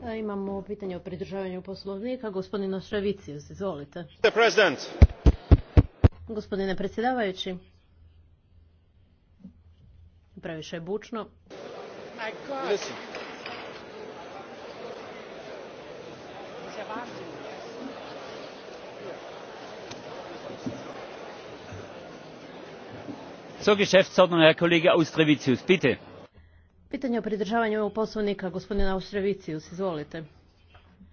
E, imamo pitanje o pridržavanju poslovnika. Gospodin Ostravicius, izvolite. Gospodine predsjedavajući. Previše je bučno. Zur Geschäftsordnung, Herr Kollege Austrevicius, bitte. Pitanje o pridržavanju poslovnika gospodina Austrevicius. izvolite.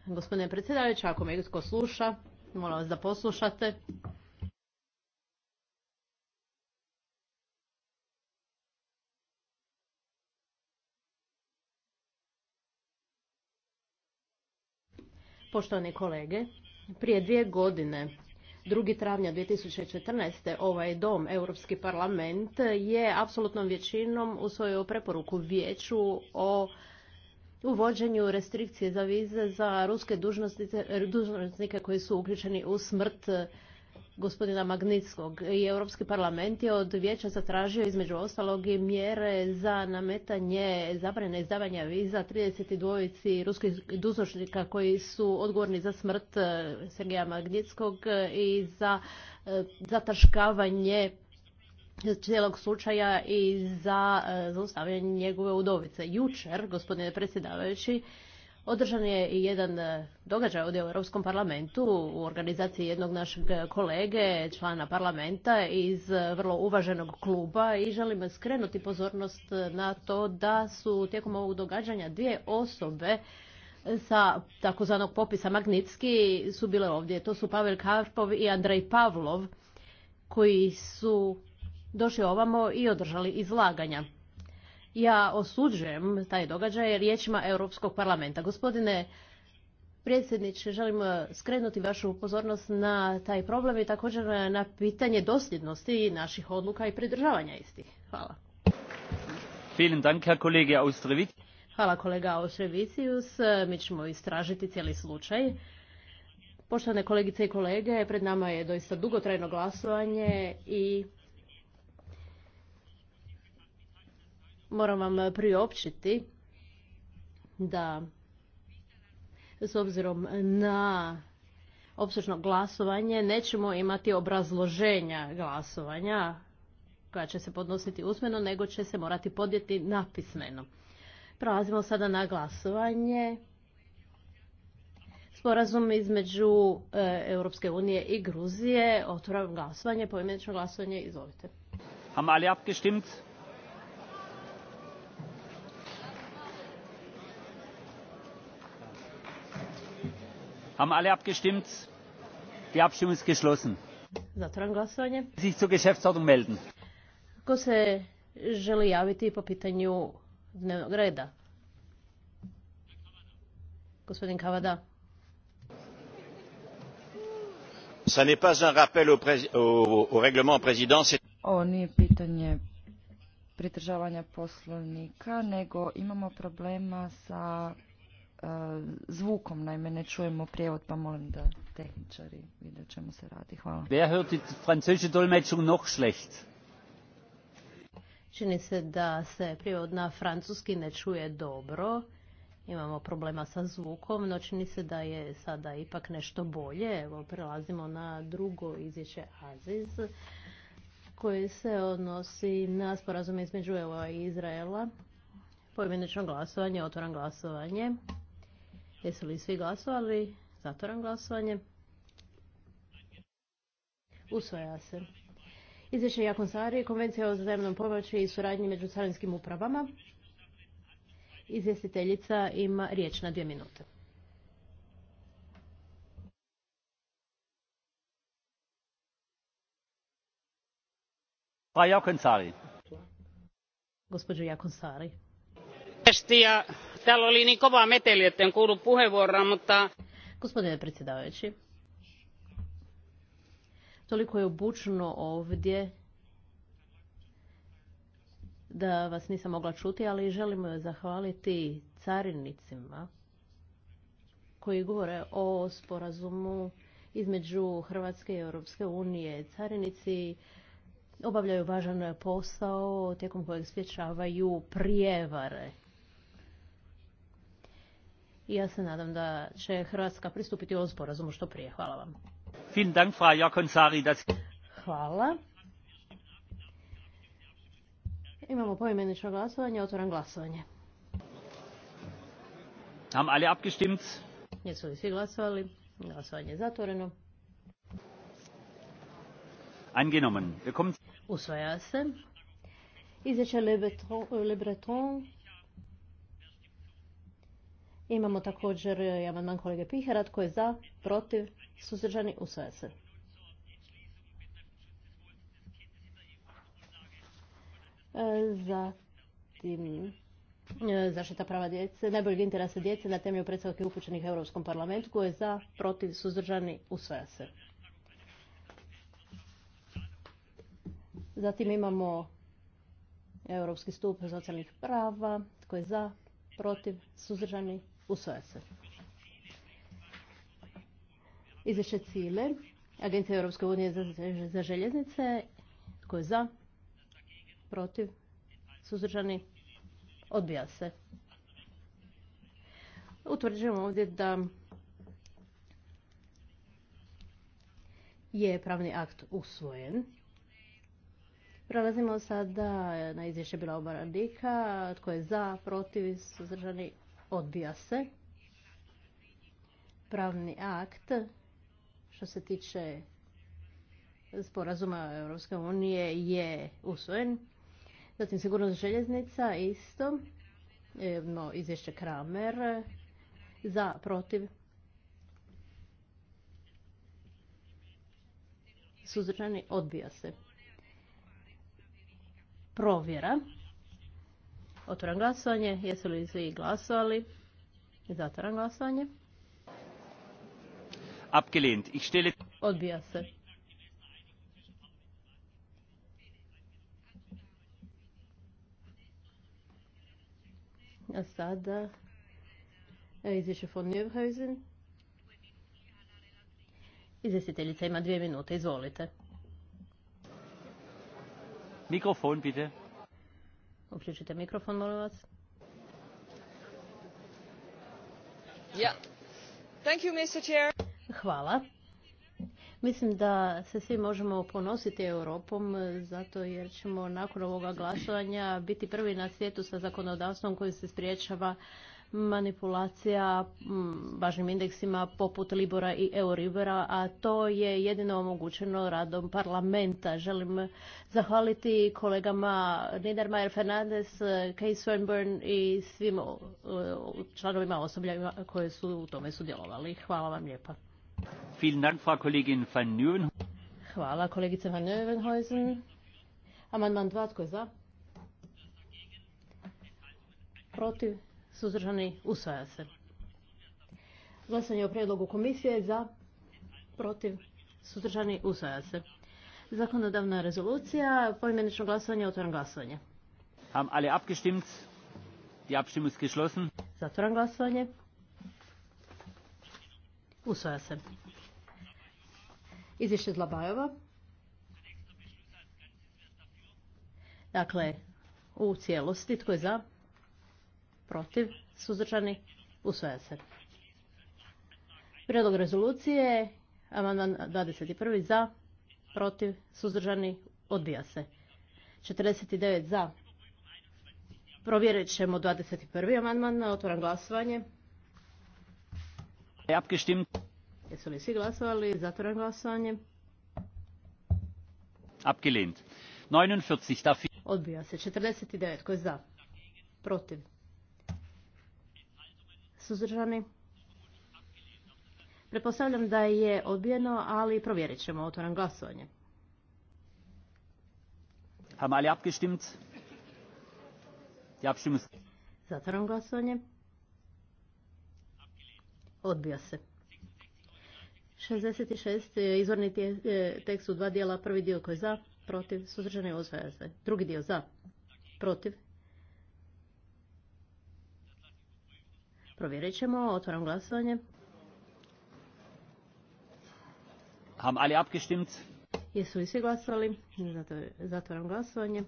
Gospodine predsjedavajući, ako me tko sluša, molim vas da poslušate. Poštovani kolege, prije dvije godine 2. travnja 2014. ovaj dom, Europski parlament, je apsolutnom većinom usvojio preporuku vijeću o uvođenju restrikcije za vize za ruske dužnosnike koji su uključeni u smrt gospodina Magnitskog i Europski parlament je od vijeća zatražio između ostalog i mjere za nametanje zabrane izdavanja viza 32 ruskih dužnosnika koji su odgovorni za smrt e, Sergeja Magnitskog i za e, zataškavanje cijelog slučaja i za e, zaustavljanje njegove udovice. Jučer, gospodine predsjedavajući, Održan je i jedan e, događaj ovdje u Europskom parlamentu u organizaciji jednog našeg e, kolege, člana parlamenta iz e, vrlo uvaženog kluba i želim skrenuti pozornost na to da su tijekom ovog događanja dvije osobe sa takozvanog popisa Magnitski su bile ovdje. To su Pavel Karpov i Andrej Pavlov koji su došli ovamo i održali izlaganja. Ja osuđujem taj događaj riječima Europskog parlamenta. Gospodine predsjedniče, želim eh, skrenuti vašu pozornost na taj problem i također eh, na pitanje dosljednosti naših odluka i pridržavanja istih. Hvala. Hvala kolega Austrevicius. Eh, mi ćemo istražiti cijeli slučaj. Poštovane kolegice i kolege, pred nama je doista dugotrajno glasovanje i moram vam priopćiti da s obzirom na opsežno glasovanje nećemo imati obrazloženja glasovanja koja će se podnositi usmeno, nego će se morati podjeti napismeno. Prelazimo sada na glasovanje. Sporazum između e, Europske unije i Gruzije. Otvoram glasovanje, poimenično glasovanje, izvolite. Haben alle abgestimmt? Die Abstimmung ist geschlossen. Sich zur Geschäftsordnung melden. Ko se želi javiti po pitanju dnevnog reda? Gospodin Kavada. Ça n'est pas un rappel au, au, au règlement président. Ovo nije pitanje pridržavanja poslovnika, nego imamo problema sa E, zvukom, naime ne čujemo prijevod, pa molim da tehničari vide čemu se radi. Hvala. Wer hört die französische Dolmetschung noch schlecht? Čini se da se prijevod na francuski ne čuje dobro. Imamo problema sa zvukom, no čini se da je sada ipak nešto bolje. Evo, prelazimo na drugo izvješće Aziz koji se odnosi na sporazume između EU i Izraela. Pojmenično glasovanje, otvoran glasovanje. Jesu li svi glasovali? Zatvoram glasovanje. Usvaja se. Izvješće Jakon Sari, Konvencija o zajemnom pomoći i suradnji među carinskim upravama. Izvjestiteljica ima riječ na dvije minute. Pa Jakon Sari. Gospodine predsjedavajući, toliko je obučno ovdje da vas nisam mogla čuti, ali želimo zahvaliti carinicima koji govore o sporazumu između Hrvatske i Europske unije. Carinici obavljaju važan posao tijekom kojeg spječavaju prijevare i ja se nadam da će Hrvatska pristupiti ovom sporazumu što prije. Hvala vam. Hvala. Imamo poimenično glasovanje, otvoram glasovanje. Haben alle abgestimmt? Jesu li svi glasovali? Glasovanje je zatvoreno. Angenommen. Usvaja se. Izveća Le Le Breton Imamo također e, amandman kolege Piherat koji je za, protiv, suzdržani, usvaja se. E, zatim, e, zaštita prava djece, najboljeg interesa djece na temelju predstavke upućenih u Europskom parlamentu, koji je za, protiv, suzdržani, usvaja se. Zatim imamo Europski stup socijalnih prava, koji je za, protiv, suzdržani, Usvaja se. Izvješće Cile, Agencija Europske unije za, željeznice. Tko je za? Protiv? Suzdržani? Odbija se. Utvrđujemo ovdje da je pravni akt usvojen. Prelazimo sada na izvješće bila obarandika. Tko je za, protiv, suzdržani, odbija se. Pravni akt što se tiče sporazuma Europske unije je usvojen. Zatim sigurnost željeznica isto. No, izvješće Kramer za protiv suzdržani odbija se. Provjera. Otvoram glasovanje. Jesu li svi glasovali? Zatvoram glasovanje. Abgelehnt. Ich stelle... Odbija se. A sada izvješće von Njöbhausen. Izvjestiteljica ima dvije minute, izvolite. Mikrofon, bitte. Uključite mikrofon, molim vas. Hvala. Mislim da se svi možemo ponositi Europom e, zato jer ćemo nakon ovoga glasovanja biti prvi na svijetu sa zakonodavstvom koji se spriječava manipulacija mm, važnim indeksima poput Libora i Euribora, a to je jedino omogućeno radom parlamenta. Želim zahvaliti kolegama Niedermayer Fernandez, Kay Swinburne i svim članovima osoblja koje su u tome sudjelovali. Hvala vam lijepa. Hvala kolegice Van Nieuwenhuizen. Amandman 2, tko je za? Protiv? suzdržani, usvaja se. Glasanje o prijedlogu komisije za, protiv, suzdržani, usvaja se. Zakonodavna rezolucija, poimenično glasovanje, otvoren glasovanje. Haben alle abgestimmt? Die Abstimmung ist geschlossen. glasovanje. Usvaja se. Izvješće Zlabajova. Dakle, u cijelosti, tko je za? protiv, suzdržani, usvaja se. Prijedlog rezolucije, amandman 21. za, protiv, suzdržani, odbija se. 49 za. Provjerit ćemo 21. amandman, otvoram glasovanje. Jesu li svi glasovali? Zatvoram glasovanje. Abgelehnt. Odbija se. 49 koji je za. Protiv. Suzdržani? Prepostavljam da je odbijeno, ali provjerit ćemo. otvoran glasovanje. Haben abgestimmt? glasovanje. Odbija se. 66. Izvorni e, tekst u dva dijela. Prvi dio koji je za, protiv, suzdržani, osvaja se. Drugi dio za, protiv, Provjerit ćemo, Otvoram glasovanje. Ham ali abgestimmt? Jesu li svi glasovali? Zatvaram glasovanje.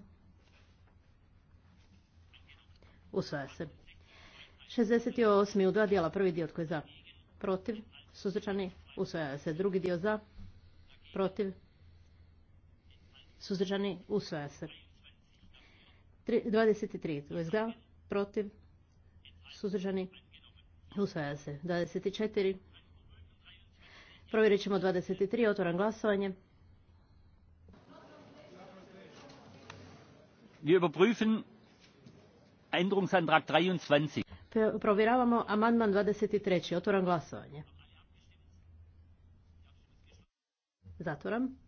Usvaja se. 68. u dva dijela. Prvi dio tko je za? Protiv. Suzdržani. Usvaja se. Drugi dio za? Protiv. Suzdržani. Usvaja se. 23. Tko je za? Protiv. Suzdržani. Usvaja se. 24. Provjerit ćemo 23. Otvoram glasovanje. Wir überprüfen Änderungsantrag 23. Provjeravamo amandman 23. Otvoram glasovanje. Zatvoram.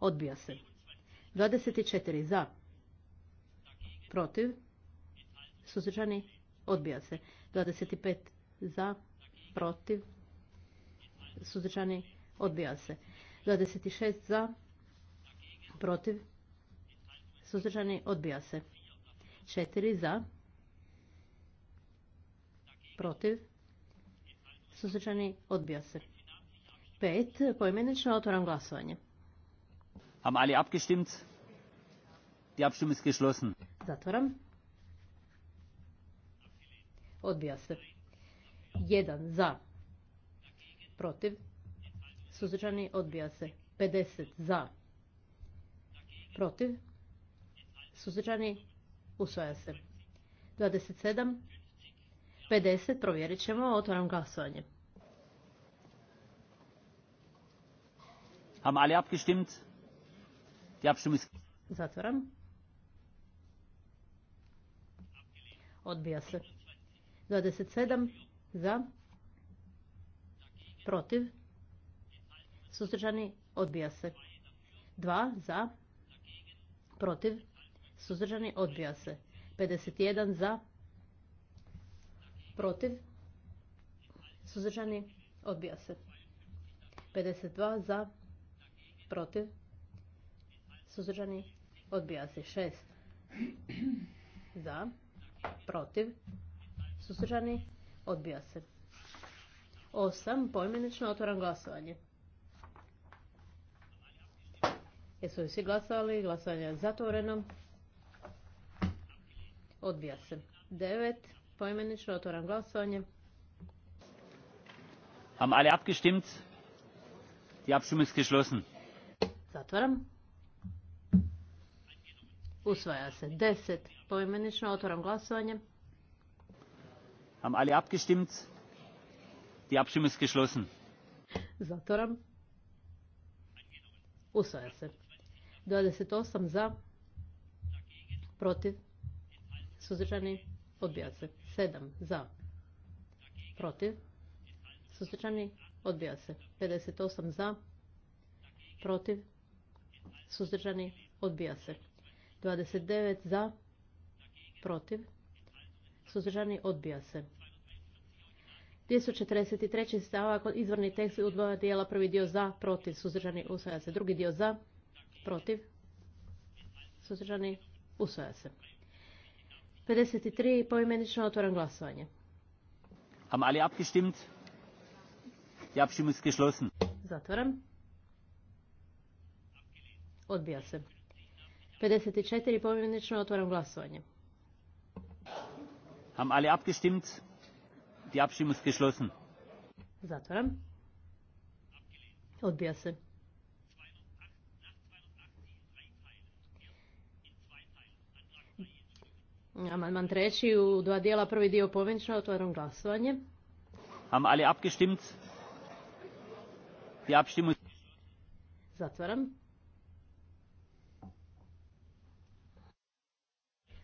Odbija se. 24 za. Protiv. Suzdržani. Odbija se. 25 za, protiv, suzdržani, odbija se. 26 za, protiv, suzdržani, odbija se. 4 za, protiv, suzdržani, odbija se. 5. Poimenično otvoram glasovanje. Haben alle abgestimmt? Die Abstimmung ist geschlossen. Zatvoram. Odbija se. 1 za. Protiv. Suzdržani. Odbija se. 50 za. Protiv. Suzdržani. Usvaja se. 27. 50. Provjerit ćemo. Otvaram glasovanje. Haben alle abgestimmt? Die Abstimmung ist... Zatvoram. Odbija se. 27 za, protiv, suzdržani, odbija se. 2 za, protiv, suzdržani, odbija se. 51 za, protiv, suzdržani, odbija se. 52 za, protiv, suzdržani, odbija se. 6 za, protiv, Suzdržani? Odbija se. Osam, Poimenično otvoram glasovanje. Jesu li svi glasovali? Glasovanje je zatvoreno. Odbija se. Devet, Poimenično otvoram glasovanje. Haben alle abgestimmt? Die geschlossen. Zatvaram. Usvaja se. Deset, Poimenično otvoram glasovanje. Haben alle abgestimmt? Die Abstimmung ist geschlossen. Zatoram. Usvaja se. 28 za, protiv, suzdržani, odbija se. 7 za, protiv, suzdržani, odbija se. 58 za, protiv, suzdržani, odbija se. 29 za, protiv, suzdržani, odbija se. 243. stavak, izvorni tekst u dva dijela, prvi dio za, protiv, suzdržani, usvaja se. Drugi dio za, protiv, suzdržani, usvaja se. 53. poimenično otvoram glasovanje. am abgestimmt? Die Abstimmung ist geschlossen. Zatvaram. Odbija se. 54. poimenično otvoram glasovanje. Haben alle abgestimmt? Die Abstimmung ist geschlossen. Zatvaram. Odbija se. Amandman treći u dva dijela, prvi dio povinčno, otvaram glasovanje. Ham ali abgestimmt? Die Abstimmung Zatvaram.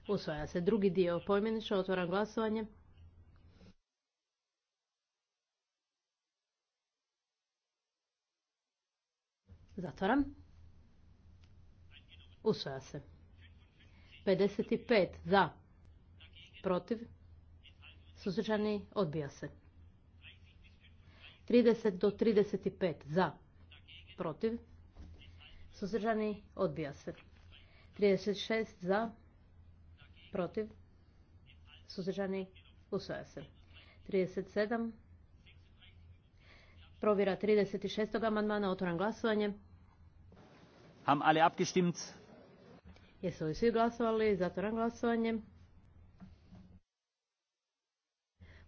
Usvaja se drugi dio pojmenično. Otvaram glasovanje. Zatvaram. Usvaja se. 55 za. Protiv. Susrećani. odbija se. 30 do 35 za. Protiv. Susrećani. odbija se. 36 za protiv, suzdržani, usvaja se. 37. Provjera 36. amandmana, otvoram glasovanje. Ham alle abgestimmt? Jesu li svi glasovali? Zatvoram glasovanje.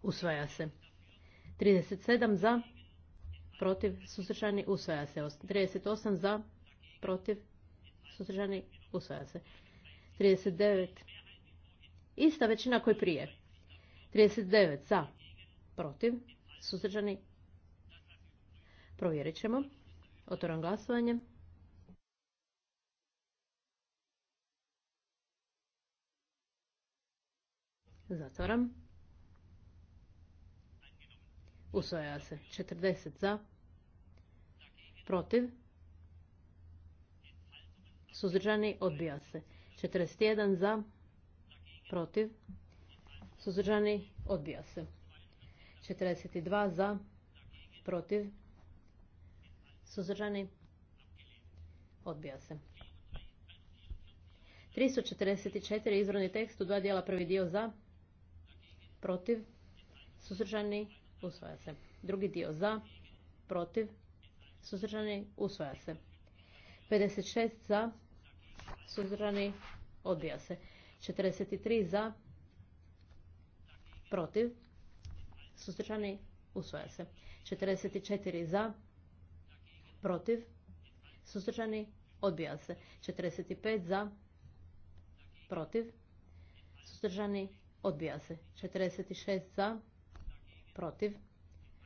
Usvaja se. 37 za, protiv, suzdržani, usvaja se. 38 za, protiv, suzdržani, usvaja se. 39 Ista većina koji prije. 39 za, protiv, suzdržani. Provjerit ćemo. Otvoram glasovanje. Zatvaram. Usvaja se. 40 za. Protiv. Suzdržani odbija se. 41 za protiv, suzdržani, odbija se. 42 za, protiv, suzdržani, odbija se. 344 izvorni tekst u dva dijela prvi dio za, protiv, suzdržani, usvaja se. Drugi dio za, protiv, suzdržani, usvaja se. 56 za, suzdržani, odbija se. 43 za, protiv, sustrčani, usvaja se. 44 za, protiv, sustrčani, odbija se. 45 za, protiv, sustržani, odbija se. 46 za, protiv,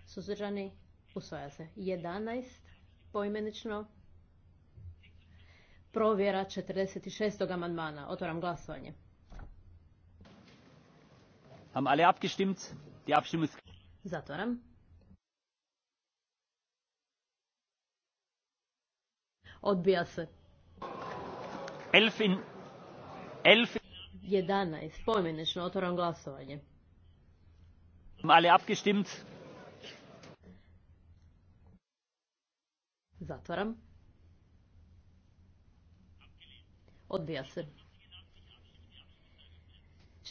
sustrčani, usvaja se. 11 poimenično, provjera 46. amandmana. Otvoram glasovanje. Haben alle abgestimmt? Die Abstimmung ist... Zatvaram. Odbija se. Elfin... Elfin... 11. Pojmenično otvoram glasovanje. Haben alle abgestimmt? Zatvaram. Odbija se.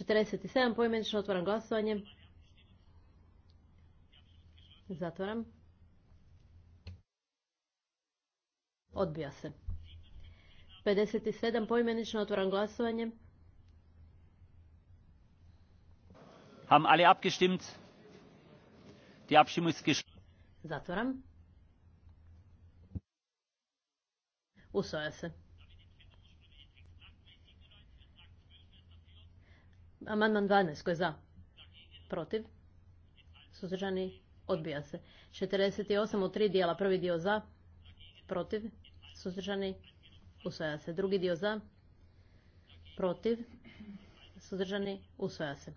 47 Pojmenično otvaram glasovanje. Zatvaram. Odbija se. 57 Pojmenično otvaram glasovanje. Ham alle abgestimmt? Die Abstimmung ist geschlossen. Zatvaram. Usvaja se. Amandman 12. Ko je za? Protiv? Suzdržani? Odbija se. 48 od tri dijela. Prvi dio za? Protiv? Suzdržani? Usvaja se. Drugi dio za? Protiv? Suzdržani? Usvaja se.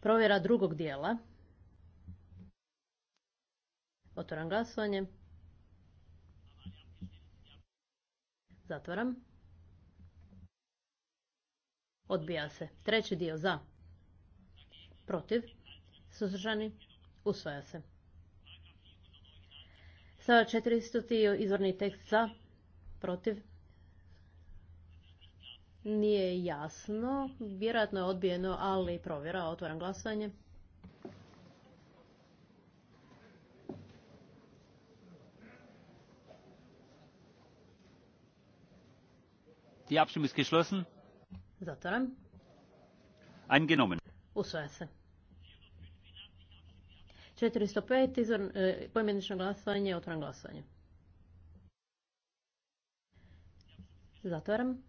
Provjera drugog dijela. Otvoram glasovanje. Zatvoram. Odbija se. Treći dio za. Protiv. Suzdržani. Usvaja se. Sa 400. izvorni tekst za. Protiv. Nije jasno. Vjerojatno je odbijeno, ali provjera. Otvoram glasanje. Die Abstimmung ist geschlossen. Zatvaram. Angenomen. Usvaja se. 405. pet e, pojmenično glasovanje, otvoram glasovanje. Zatvaram.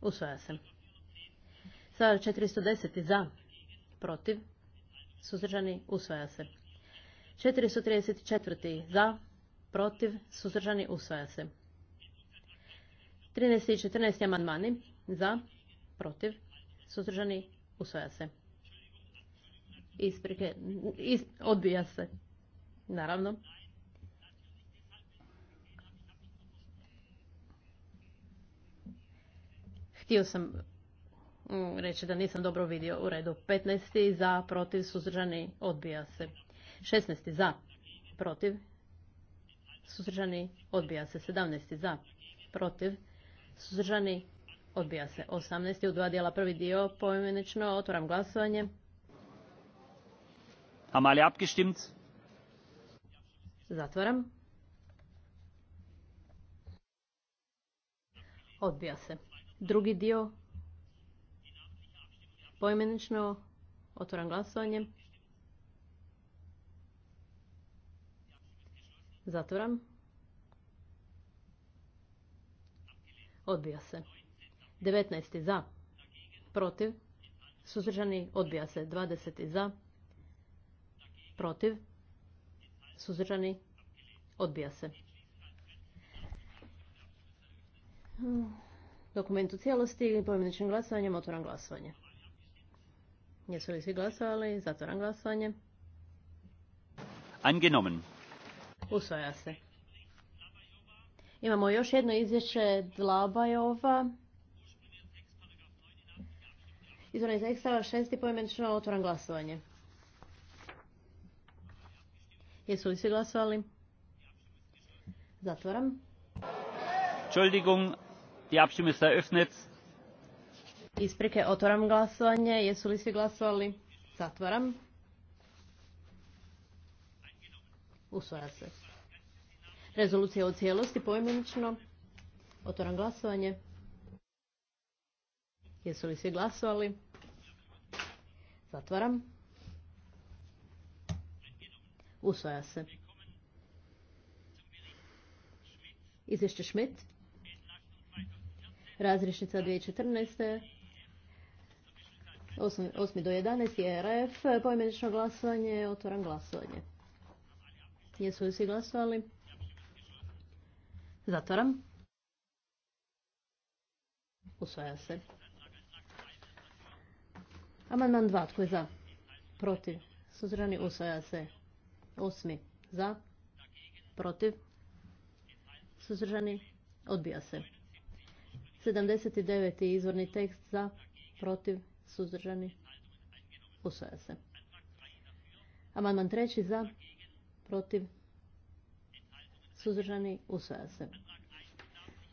Usvaja se. Sada 410. za, protiv, suzdržani, usvaja se. 434. za, protiv, suzdržani, usvaja se. 13. i 14. amandmani za, protiv, suzdržani, usvoja se. Isprike, odbija se, naravno. Htio sam mm, reći da nisam dobro vidio u redu. 15. za, protiv, suzdržani, odbija se. 16. za, protiv, suzdržani, odbija se. 17. za, protiv, Suzdržani? Odbija se. 18. u dva dijela prvi dio poimenično. Otvaram glasovanje. Amali abgestimmt? Zatvaram. Odbija se. Drugi dio poimenično. Otvaram glasovanje. Zatvoram. Odbija se. 19. za. Protiv. Suzdržani. Odbija se. 20. za. Protiv. Suzdržani. Odbija se. Dokument u cijelosti i pojmeničnim glasovanjem otvoram glasovanje. Jesu li svi glasovali? Zatvoram glasovanje. Usvaja se. Imamo još jedno izvješće Dlabajova. Izvona iz ekstava šesti pojmenično otvoran glasovanje. Jesu li svi glasovali? Zatvoram. Entschuldigung, die Abstimmung ist eröffnet. Isprike, otvoram glasovanje. Jesu li svi glasovali? Zatvoram. Usvara se. Rezolucija u cijelosti poimenično. Otvoram glasovanje. Jesu li svi glasovali? Zatvaram. Usvaja se. Izvješće Šmit. Razrišnica 2014. 8, do 11 je RF. Pojmenično glasovanje. Otvoram glasovanje. Jesu li svi glasovali? Zatvaram. Usvaja se. Amandman 2. Tko je za? Protiv. Suzdržani, usvaja se. Osmi. Za. Protiv. Suzdržani. odbija se. 79. izvorni tekst za, protiv, suzdržani, usvaja se. Amandman treći za, protiv, suzdržani, u se.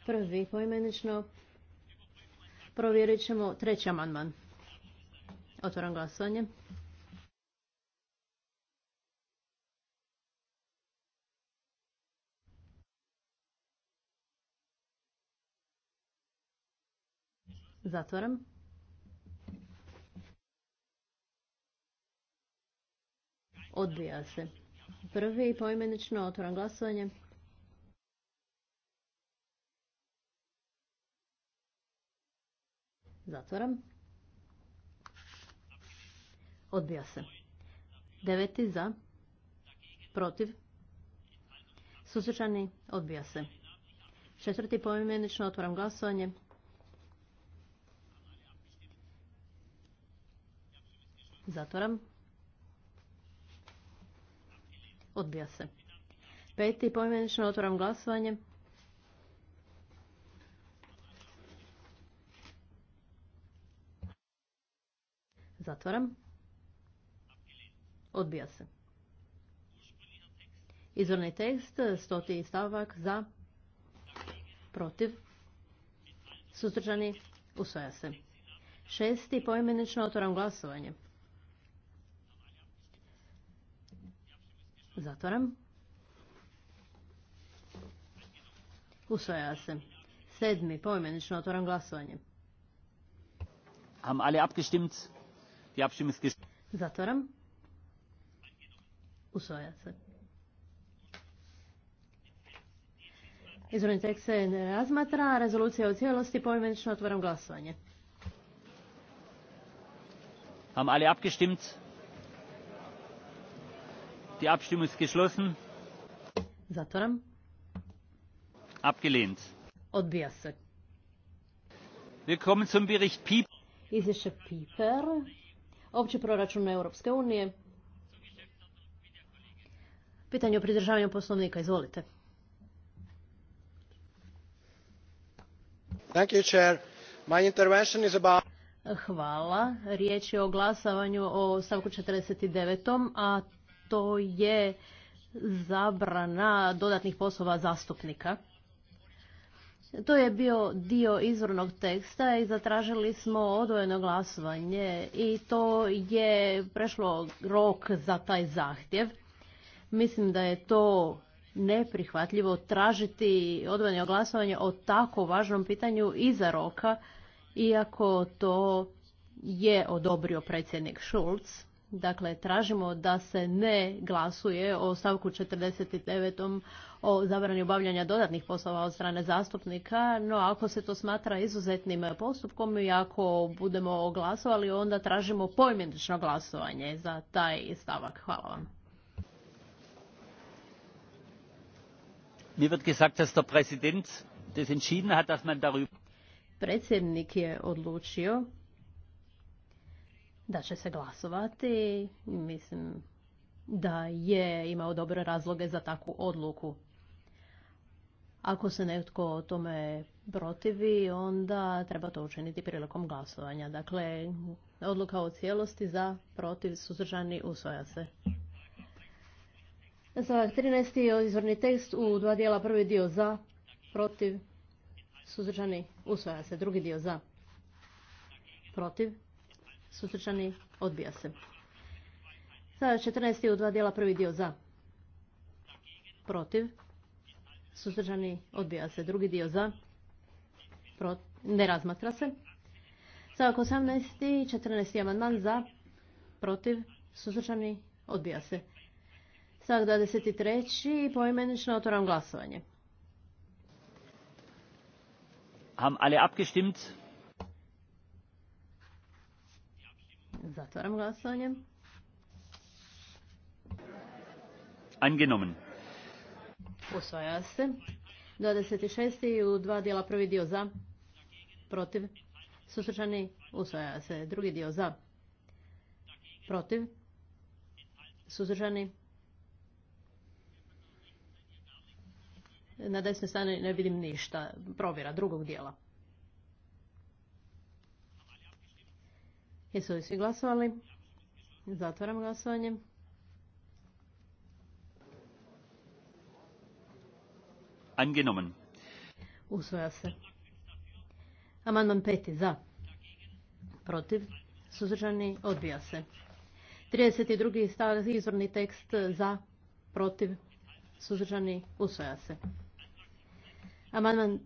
Prvi poimenično provjerit ćemo treći amandman. Otvoram glasovanje. Zatvaram. Odbija se. Prvi poimenično otvoram glasovanje. Zatvoram. Odbija se. Deveti za. Protiv. Susjećani. Odbija se. Četvrti poimenično otvoram glasovanje. Zatvoram. Odbija se. Peti poimenično otvoram glasovanje. Zatvaram. Odbija se. Izvorni tekst, stoti stavak za, protiv, suzdržani, usvaja se. Šesti poimenično otvoram glasovanje. Zatvaram. Usvaja se. Sedmi poimenično otvoram glasovanje. Haben alle abgestimmt? Zatvoram. Usvaja se. Izvorni tekst se ne razmatra, rezolucija u cijelosti, pojmenično otvoram glasovanje. Ham alle abgestimmt? Die Abstimmung ist geschlossen. Zatvoram. Abgelehnt. Odbija se. Willkommen zum Bericht Pieper. Izvješće Piper opći proračun Europske unije. Pitanje o pridržavanju poslovnika, izvolite. Thank Hvala. Riječ je o glasavanju o stavku 49. a to je zabrana dodatnih poslova zastupnika. To je bio dio izvornog teksta i zatražili smo odvojeno glasovanje i to je prešlo rok za taj zahtjev. Mislim da je to neprihvatljivo tražiti odvojeno glasovanje o tako važnom pitanju iza roka, iako to je odobrio predsjednik Schulz. Dakle, tražimo da se ne glasuje o stavku 49. o zabrani obavljanja dodatnih poslova od strane zastupnika, no ako se to smatra izuzetnim postupkom i ako budemo glasovali, onda tražimo poimenično glasovanje za taj stavak. Hvala vam. Predsjednik je odlučio da će se glasovati. Mislim da je imao dobre razloge za takvu odluku. Ako se netko o tome protivi, onda treba to učiniti prilikom glasovanja. Dakle, odluka o cijelosti za protiv suzdržani usvoja se. Stavak 13. izvorni tekst u dva dijela. Prvi dio za, protiv, suzdržani usvoja se. Drugi dio za, protiv, Suzdržani? Odbija se. Sada 14. u dva dijela prvi dio za. Protiv. Suzdržani? Odbija se. Drugi dio za. Ne razmatra se. Stavak 18. 14. amandman za. Protiv. Suzdržani? Odbija se. Stavak 23. Poimenično otvoram glasovanje. Haben alle abgestimmt? Zatvaram glasovanje. Usvaja se. 26. u dva dijela prvi dio za, protiv, Susrećani. usvaja se. Drugi dio za, protiv, suzdržani. Na desnoj strani ne vidim ništa. Provjera drugog dijela. Jesu li svi glasovali? Zatvaram glasovanje. Angenomen. Usvoja se. Amandman peti za. Protiv. Suzdržani odbija se. 32. stav izvorni tekst za. Protiv. Suzdržani usvoja se. Amandman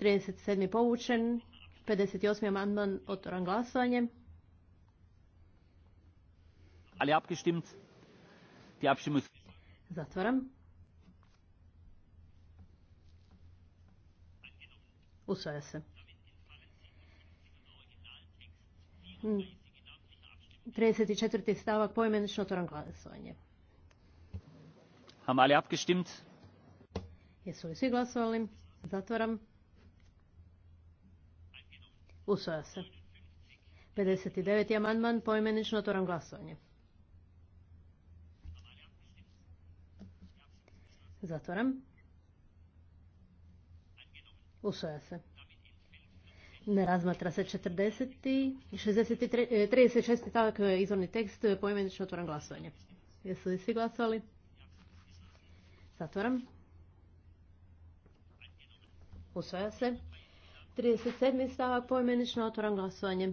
37. povučen. 58. amandman otvoran glasovanjem. Ali abgestimmt? Die Abstimmung ist... Zatvaram. Usvaja se. Hmm. 34. stavak pojmenično otvoram glasovanje. Haben alle abgestimmt? Jesu li svi glasovali? Zatvaram. Usvaja se. 59. amandman poimenično otvoram glasovanje. Zatvaram. Usvaja se. Ne razmatra se 40. 63, 36. stavak e, izvorni tekst. E, poimenično otvoram glasovanje. Jesu li svi glasovali? zatvaram. Usvaja se. 37. stavak poimenično otvoram glasovanje.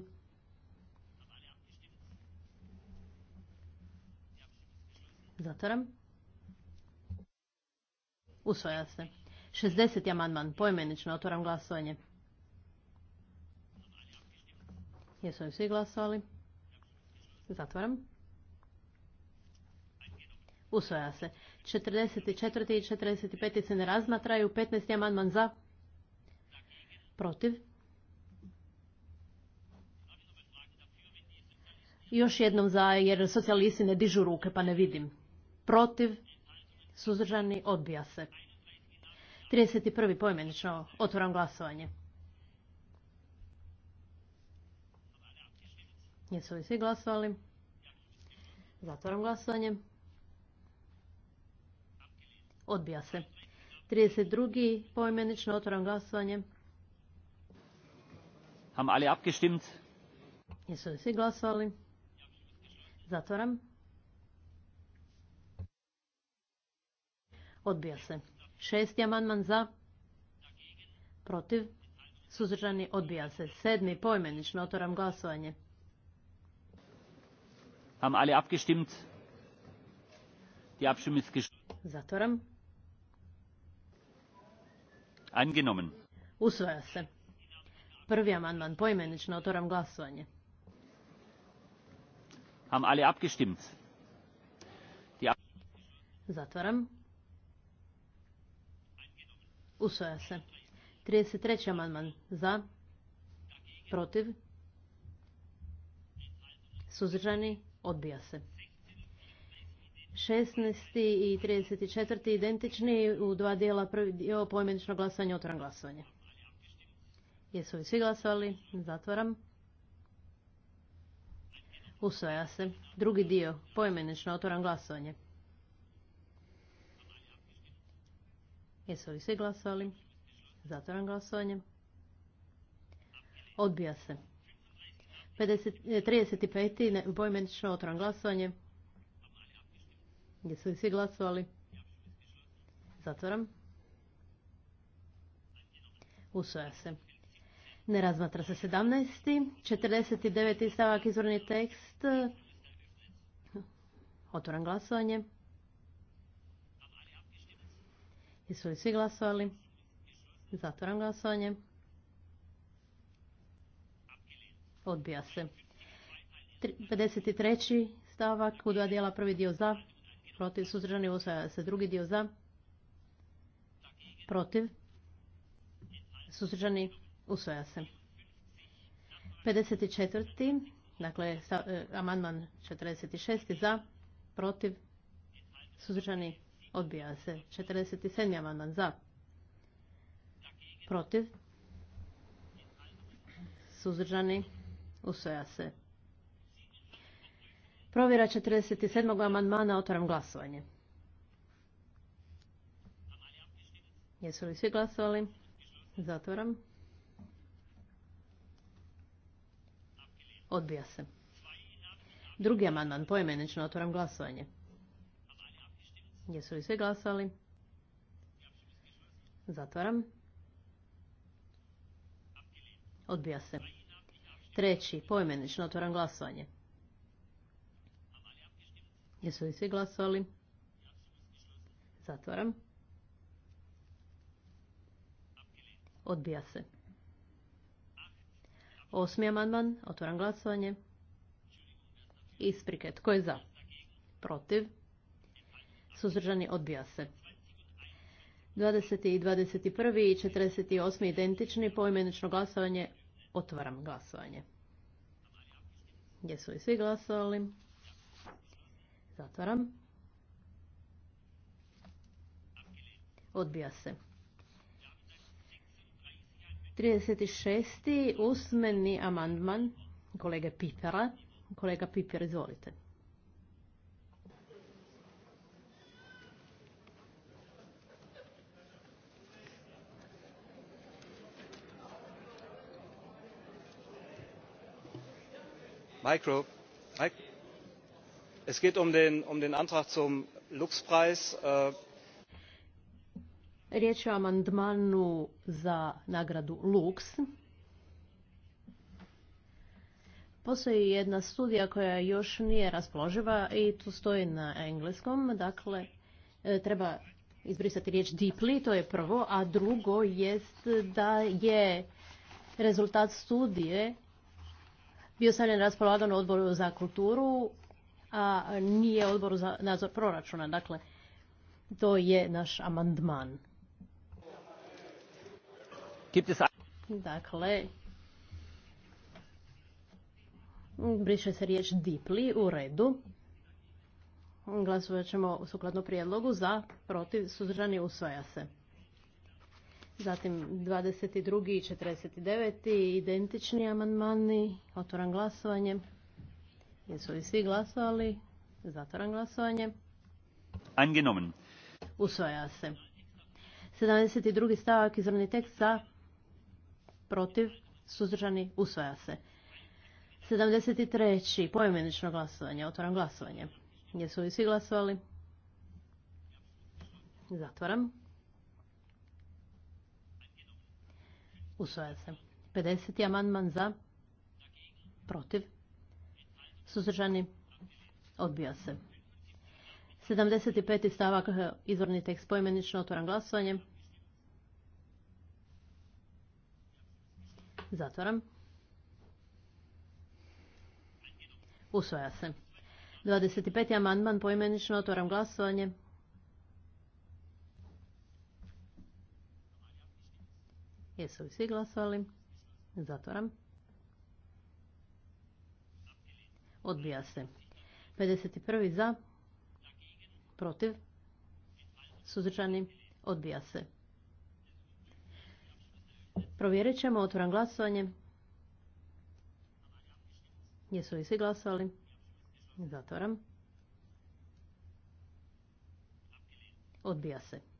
Zatvaram Usvaja se. 60. amandman. pojmenično, otvoram glasovanje. Jesu li svi glasovali? Zatvaram. Usvaja se. 44. i 45. se ne razmatraju. 15. amandman za. Protiv. Još jednom za, jer socijalisti ne dižu ruke, pa ne vidim. Protiv. Suzdržani odbija se. 31. pojmenično otvoram glasovanje. Jesu li svi glasovali? Zatvaram glasovanje. Odbija se. 32. pojmenično otvoram glasovanje. Haben alle abgestimmt? Jesu li svi glasovali? Zatvaram. Odbija se. Šesti amandman za. Protiv. Suzdržani odbija se. Sedmi poimenično otvaram glasovanje. Haben alle abgestimmt? Die Abstimmung ist Zatvaram. Angenommen. Usvaja se. Prvi amandman poimenično otvaram glasovanje. Haben alle abgestimmt? Die ab Zatvaram. Usvaja se. 33. amandman za, protiv, suzdržani, odbija se. 16. i 34. identični u dva dijela prvi dio pojmenično glasanje, otvoram glasovanje. Jesu li svi glasovali? Zatvaram. Usvaja se. Drugi dio, pojmenično otvoram glasovanje. Jesu li svi glasovali? Zatvoram glasovanje. Odbija se. 35. Bojmenično otvoram glasovanje. Jesu li svi glasovali? Zatvoram. Usvoja se. Ne razmatra se 17. 49. stavak izvorni tekst. Otvoram glasovanje. Jesu li svi glasovali? Zatvaram glasovanje. Odbija se. 53. stavak u dva dijela prvi dio za, protiv suzdržani usvaja se drugi dio za, protiv suzdržani usvaja se. 54. dakle eh, amandman 46. za, protiv suzdržani Odbija se. 47. amandman za. Protiv. Suzdržani. Usvoja se. Provjera 47. amandmana. Otvaram glasovanje. Jesu li svi glasovali? Zatvaram. Odbija se. Drugi amandman. Poimenično otvaram glasovanje. Jesu li svi glasali? Zatvaram. Odbija se. Treći, poimenično otvaram glasovanje. Jesu li svi glasovali? Zatvaram. Odbija se. Osmi amandman, otvaram glasovanje. Isprike, tko je za? Protiv? suzdržani, odbija se. 20. i 21. i 48. identični poimenično glasovanje. Otvaram glasovanje. Jesu li svi glasovali? Zatvaram. Odbija se. 36. usmeni amandman kolege Pipera. Kolega Piper, izvolite. es geht um den, um antrag zum lux preis. Äh. riječ je o amandmanu za nagradu lux. Postoji jedna studija koja još nije raspoloživa i tu stoji na engleskom. Dakle, e, treba izbrisati riječ deeply, to je prvo, a drugo jest da je rezultat studije bio stavljen raspolagan odboru za kulturu, a nije odboru za nadzor proračuna. Dakle, to je naš amandman. Dakle, briše se riječ dipli u redu. Glasovat ćemo sukladno prijedlogu za, protiv, suzdržani, usvaja se. Zatim 22. i 49. identični amandmani. Otvoram glasovanje. Jesu li svi glasovali? Zatvoram glasovanje. Angenomen. Usvaja se. 72. stavak izravni tekst za protiv suzdržani usvaja se. 73. poimenično glasovanje. Otvoram glasovanje. Jesu li svi glasovali? Zatvoram. Usvaja se. 50. amandman za. Protiv. Suzdržani. Odbija se. 75. stavak eh, izvorni tekst poimenično otvoran glasovanje. Zatvoram. Usvaja se. 25. amandman poimenično otvoram glasovanje. Jesu li svi glasovali? Zatvoram. Odbija se. 51. za. Protiv. Suzdržani. Odbija se. Provjerit ćemo. Otvoram glasovanje. Jesu li svi glasovali? Zatvoram. Odbija se.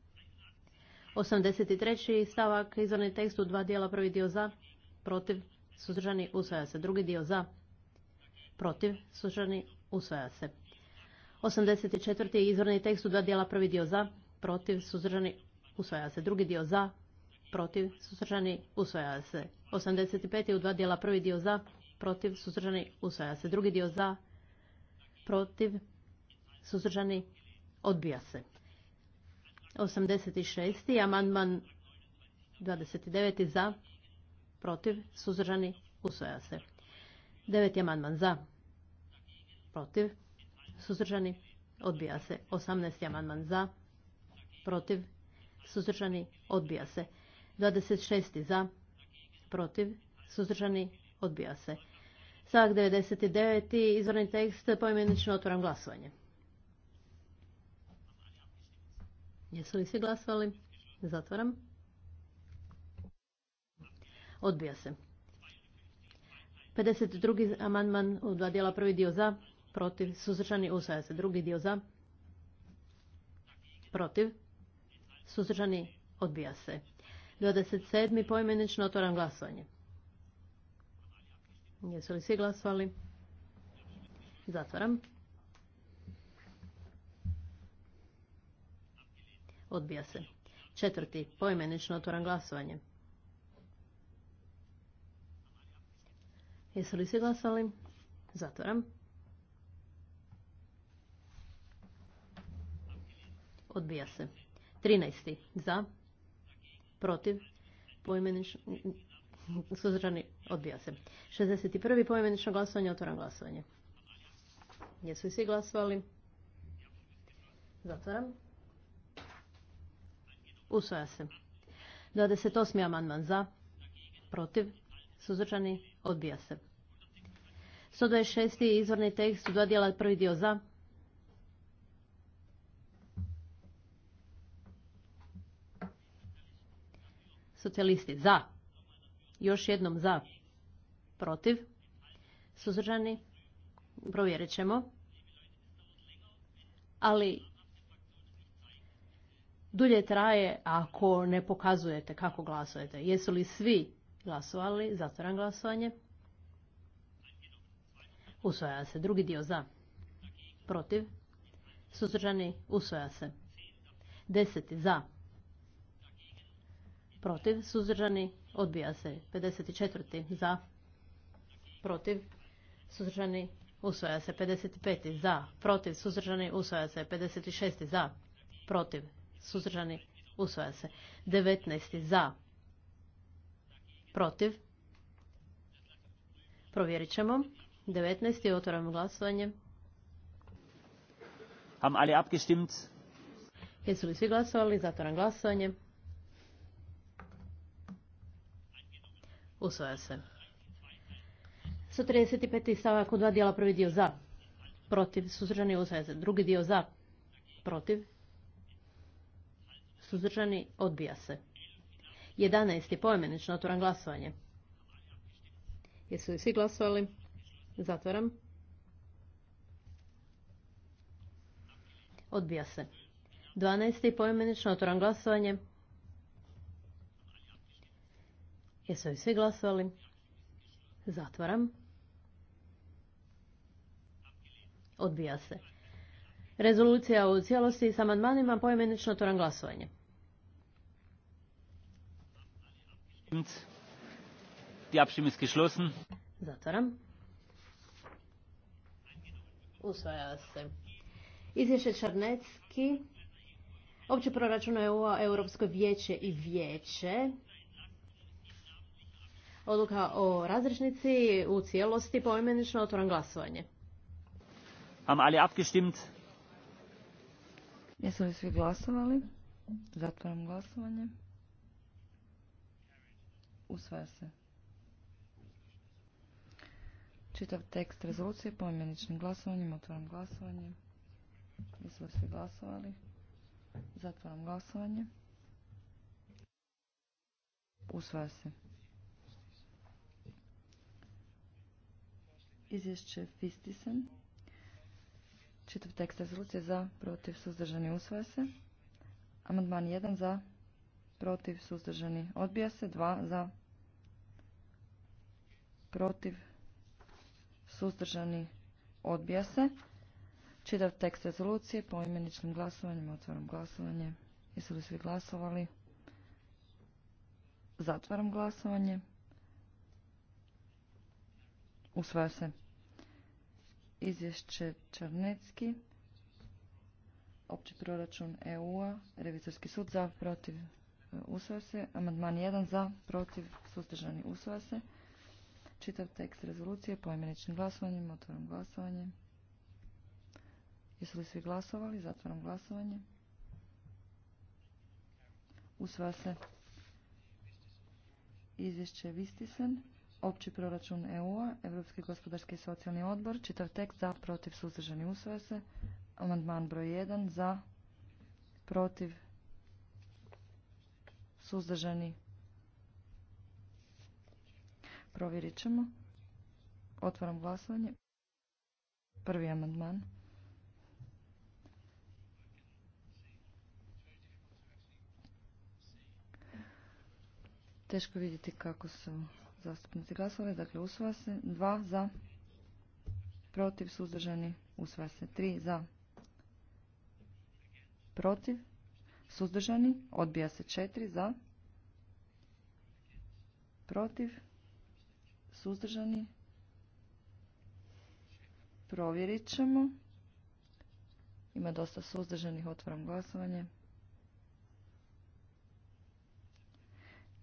83. stavak, izvorni tekst u dva dijela, prvi dio za, protiv, suzdržani, usvaja se. Drugi dio za, protiv, suzdržani, usvaja se. 84. izvorni tekst u dva dijela, prvi dio za, protiv, suzdržani, usvaja se. Drugi dio za, protiv, suzdržani, usvaja se. 85. u dva dijela, prvi dio za, protiv, suzdržani, usvaja se. Drugi dio za, protiv, suzdržani, odbija se. 86. amandman 29. za, protiv, suzdržani, usvoja se. 9. amandman za, protiv, suzdržani, odbija se. 18. amandman za, protiv, suzdržani, odbija se. 26. za, protiv, suzdržani, odbija se. Stavak 99. izvorni tekst, poimenično otvoram glasovanje. Jesu li svi glasovali? Zatvaram. Odbija se. 52. amandman u dva dijela. Prvi dio za, protiv, suzdržani, usvaja se. Drugi dio za, protiv, suzdržani, odbija se. 27. poimenično otvoram glasovanje. Jesu li svi glasovali? Zatvaram. Odbija se. Četvrti, poimenično otvoran glasovanje. Jesu li svi glasali? Zatvoram. Odbija se. 13. Za. Protiv. Poimenično... Suzdržani odbija se. 61. poimenično glasovanje, otvoram glasovanje. Jesu li svi glasovali? Zatvoram. Usvaja se. 28. amandman za, protiv, suzdržani, odbija se. 126. izvorni tekst u dva dijela prvi dio za, socijalisti za, još jednom za, protiv, suzdržani, provjerit ćemo. Ali dulje traje ako ne pokazujete kako glasujete. Jesu li svi glasovali? Zatvoram glasovanje. Usvaja se. Drugi dio za. Protiv. Suzdržani. Usvaja se. Deseti za. Protiv. Suzdržani. Odbija se. 54. za. Protiv. Suzdržani. Usvaja se. 55. za. Protiv. Suzdržani. Usvaja se. 56. za. Protiv suzdržani, usvaja se. 19. za, protiv, provjerit ćemo. 19. otvaram glasovanje. Haben alle abgestimmt? Jesu li svi glasovali? Zatvaram glasovanje. Usvaja se. 135. stavak u dva dijela prvi dio za, protiv, suzdržani, usvaja se. Drugi dio za, protiv, Suzdržani? Odbija se. 11. Pojmenično otvoran glasovanje. Jesu li svi glasovali? Zatvaram. Odbija se. 12. Pojmenično otvoram glasovanje. Jesu li svi glasovali? Zatvaram. Odbija se. Rezolucija u cijelosti s amandmanima poimenično otvoram glasovanje. Die Abstimmung ist Zatvaram. Usvaja se. Izvješće Čarnecki. Opće proračun EU, Europsko vijeće i vijeće. Odluka o razrešnici u cijelosti poimenično otvoran glasovanje. Am ali Jesu li svi glasovali? Zatvaram glasovanje. Usvaja se. Čitav tekst rezolucije po imeničnim glasovanjem. Otvaram glasovanje. Mi smo svi glasovali? Zatvaram glasovanje. Usvaja se. Izvješće Fistisen. Čitav tekst rezolucije za, protiv, suzdržani, usvaja se. Amandman 1 za, protiv, suzdržani, odbija se. 2 za, protiv, suzdržani, odbija se. Čitav tekst rezolucije po imeničnim glasovanjem, otvaram glasovanje. Jesu li svi glasovali? Zatvaram glasovanje. Usvaja se izvješće Čarnecki, opći proračun EU-a, revizorski sud za, protiv, usvaja se, amandman 1 za, protiv, suzdržani, usvaja se. Čitav tekst rezolucije poimeničnim glasovanjem. Otvaram glasovanje. Jesu li svi glasovali? Zatvaram glasovanje. Usva se izvješće Vistisen, opći proračun EU-a, Europski gospodarski i socijalni odbor, čitav tekst za, protiv, suzdržani, usvaja se, amandman broj 1, za, protiv, suzdržani, Provjerit ćemo. Otvaram glasovanje. Prvi amandman. Teško vidjeti kako su zastupnici glasovali. Dakle, usvaja se. Dva za. Protiv. Suzdržani. Usvaja se. Tri za. Protiv. Suzdržani. Odbija se. Četiri za. Protiv. Suzdržani? Provjerit ćemo. Ima dosta suzdržanih, otvaram glasovanje.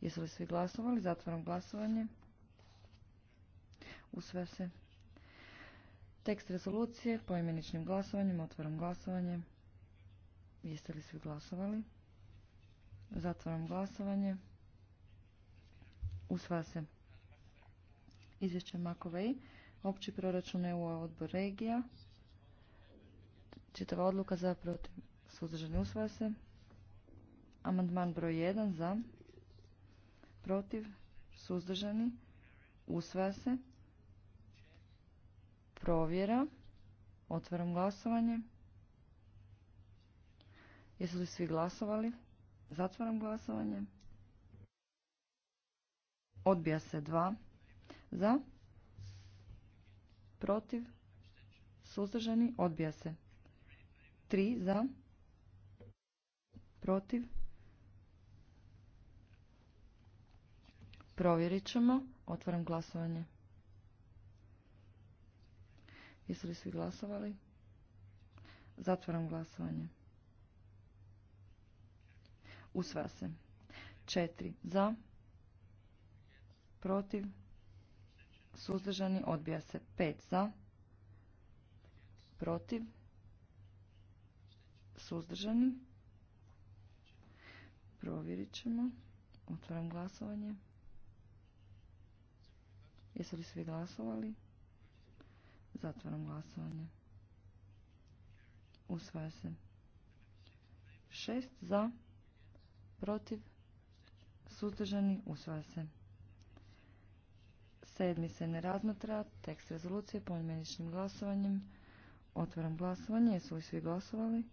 Jesu li svi glasovali? Zatvaram glasovanje. Usve se. Tekst rezolucije poimeničnim glasovanjem. Otvaram glasovanje. Jeste li svi glasovali? Zatvaram glasovanje. Usva se. Izvješće Makovej, opći proračun EU odbor regija, čitava odluka za protiv suzdržani usvaja se. Amandman broj 1 za protiv suzdržani usvaja se. Provjera. Otvaram glasovanje. Jesu li svi glasovali? Zatvaram glasovanje. Odbija se 2. Za? Protiv? Suzdržani? Odbija se. 3 za? Protiv? Provjerit ćemo. Otvaram glasovanje. Jesu li svi glasovali? Zatvaram glasovanje. Usvaja se. 4 za? Protiv? suzdržani, odbija se 5 za, protiv, suzdržani. Provjerit ćemo. Otvaram glasovanje. Jesu li svi glasovali? Zatvaram glasovanje. Usvaja se. 6 za, protiv, suzdržani, usvaja se. Sedmi se ne razmatra. Tekst rezolucije poimeničnim glasovanjem. Otvaram glasovanje. Jesu li svi glasovali?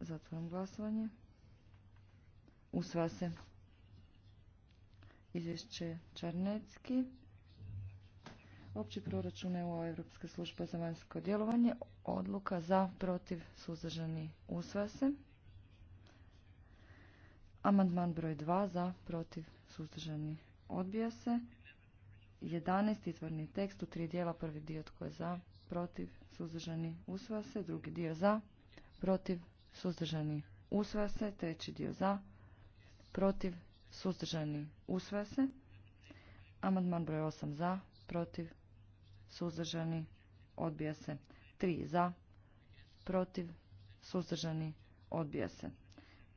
Zatvaram glasovanje. Usva se. Izvješće Čarnecki. Opći proračun u Evropske službe za vanjsko djelovanje. Odluka za, protiv, suzdržani. Usva se. Amandman broj 2 za, protiv, suzdržani. Odbija se. 11. izvorni tekst u tri dijela. Prvi dio tko je za, protiv, suzdržani, usvaja se. Drugi dio za, protiv, suzdržani, usvaja se. Treći dio za, protiv, suzdržani, usvaja se. Amandman broj 8 za, protiv, suzdržani, odbija se. Tri za, protiv, suzdržani, odbija se.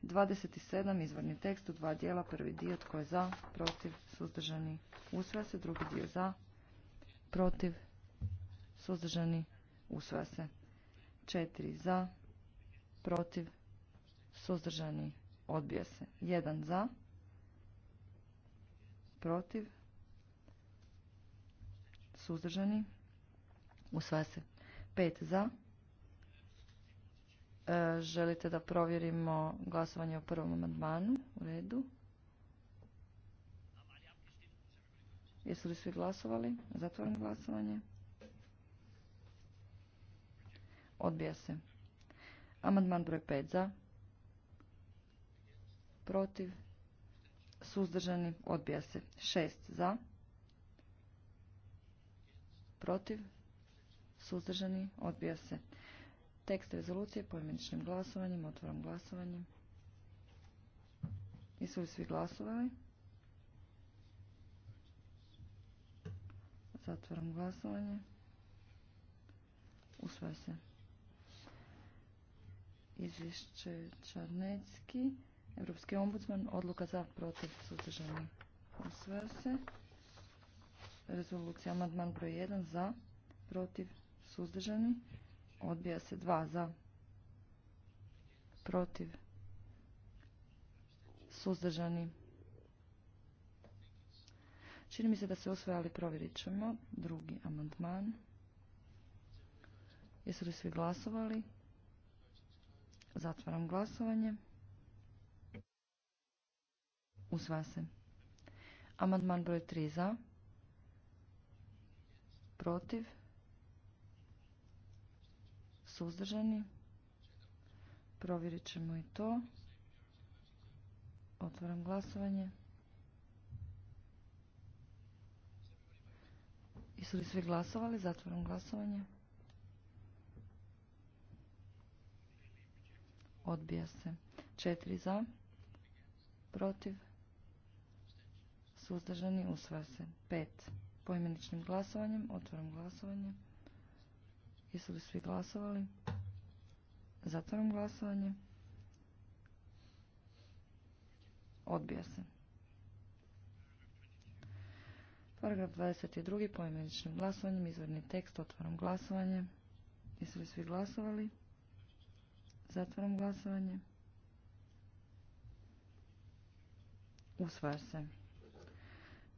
27. izvorni tekst u dva dijela. Prvi dio tko je za, protiv, suzdržani, usvaja se, drugi dio za, protiv, suzdržani, usvaja se. četiri za, protiv, suzdržani, odbija se. jedan za, protiv, suzdržani, usvaja se. pet za, e, želite da provjerimo glasovanje o prvom amandmanu, u redu. Jesu li svi glasovali? zatvoreno glasovanje. Odbija se. Amandman broj 5 za. Protiv. Suzdržani. Odbija se. 6 za. Protiv. Suzdržani. Odbija se. Tekst rezolucije pojmeničnim glasovanjem. Otvoram glasovanje. Jesu li svi glasovali? Zatvaram glasovanje. Usvaja se. Izvješće Čarnecki. Europski ombudsman. Odluka za protiv suzdržani. Usvaja se. Rezolucija amandman broj 1 za protiv suzdržani. Odbija se 2 za protiv suzdržani. Čini mi se da se osvojali provjerit ćemo. Drugi amandman. Jesu li svi glasovali? Zatvaram glasovanje. Usvaja se. Amandman broj 3 za. Protiv. Suzdržani. Provjerit ćemo i to. Otvaram glasovanje. Jesu li svi glasovali? Zatvaram glasovanje. Odbija se. Četiri za. Protiv. Suzdržani. Usvaja se. Pet. Poimeničnim glasovanjem. Otvaram glasovanje. Jesu li svi glasovali? Zatvaram glasovanje. Odbija se. Paragraf 22. Poimeničnim glasovanjem. Izvorni tekst. Otvaram glasovanje. Jesu li svi glasovali? Zatvaram glasovanje. Usvaja se.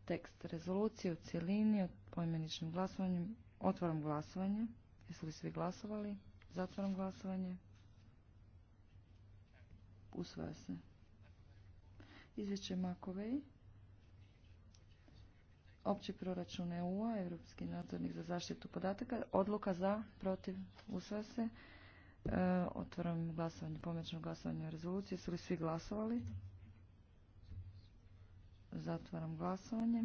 Tekst rezolucije u cijelini poimeničnim glasovanjem. Otvaram glasovanje. Jesu li svi glasovali? Zatvaram glasovanje. Usvaja se. Izvješće Makovej. Opći proračun EU-a, Europski nadzornik za zaštitu podataka, odluka za, protiv, usva se. E, otvaram glasovanje, pomećno glasovanje o rezoluciji. Su li svi glasovali? Zatvaram glasovanje.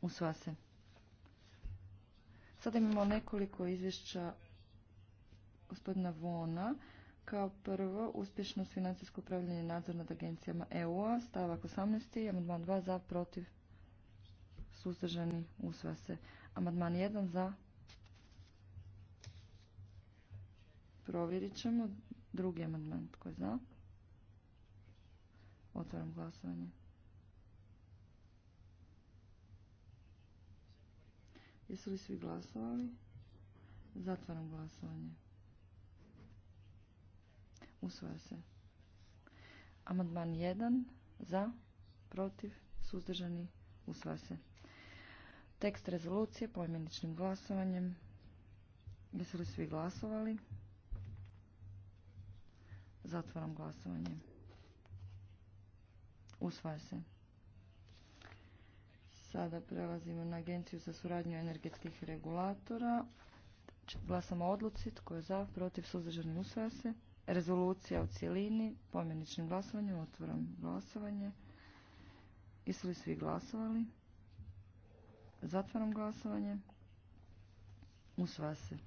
Usva se. Sada imamo nekoliko izvješća gospodina Vona. Kao prvo, uspješno financijsko upravljanje nadzor nad agencijama EU-a, stavak 18. Amandman 2 za, protiv, suzdržani, usva se. Amandman 1 za, provjerit ćemo. Drugi amandman, tko je za? Otvaram glasovanje. Jesu li svi glasovali? Zatvaram glasovanje. Usvaja se. Amandman 1. Za. Protiv. Suzdržani. Usvaja se. Tekst rezolucije pojmeničnim glasovanjem. Jesu li svi glasovali? Zatvaram glasovanje. Usvaja se. Sada prelazimo na Agenciju za suradnju energetskih regulatora. Glasamo odluci. Tko je za? Protiv? Suzdržani? Usvaja se. Rezolucija u cijelini, pomjeničnim glasovanjem, otvorom glasovanje. Jesu li svi glasovali? Zatvaram glasovanje. Usva se.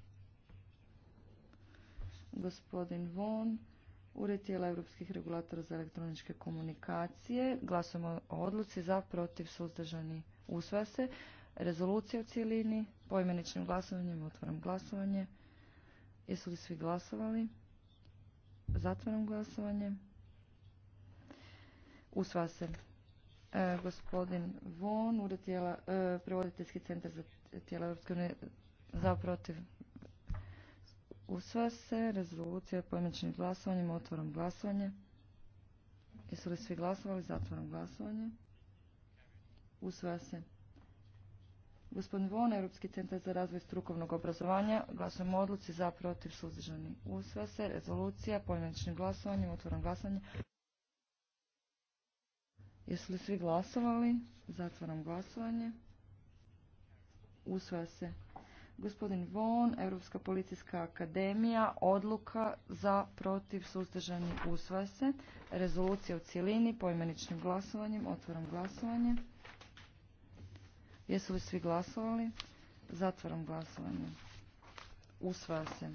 Gospodin Von, Ured tijela Europskih regulatora za elektroničke komunikacije. Glasujemo o odluci za, protiv, suzdržani. Usva se. Rezolucija u cijelini, poimeničnim glasovanjem, otvaram glasovanje. Jesu li svi glasovali? Zatvaram glasovanje. Usva se. E, gospodin Von, ured tijela, e, prevoditeljski centar za tijela Europske unije za protiv. Usva se. Rezolucija pojedinačnim glasovanjem. Otvaram glasovanje. Jesu li svi glasovali? Zatvaram glasovanje. Usvaja se. Gospodin Von, Europski centar za razvoj strukovnog obrazovanja, glasujemo odluci za protiv suzdržani. Usva se rezolucija, pojedinačnim glasovanjem, otvorom glasanje. Jesu li svi glasovali? Zatvaram glasovanje. Usvaja se. Gospodin Von, Europska policijska akademija, odluka za protiv suzdržani usvaja se. Rezolucija u cijelini, poimeničnim glasovanjem, otvoram glasovanje. Jesu li svi glasovali? Zatvaram glasovanje. Usvaja se.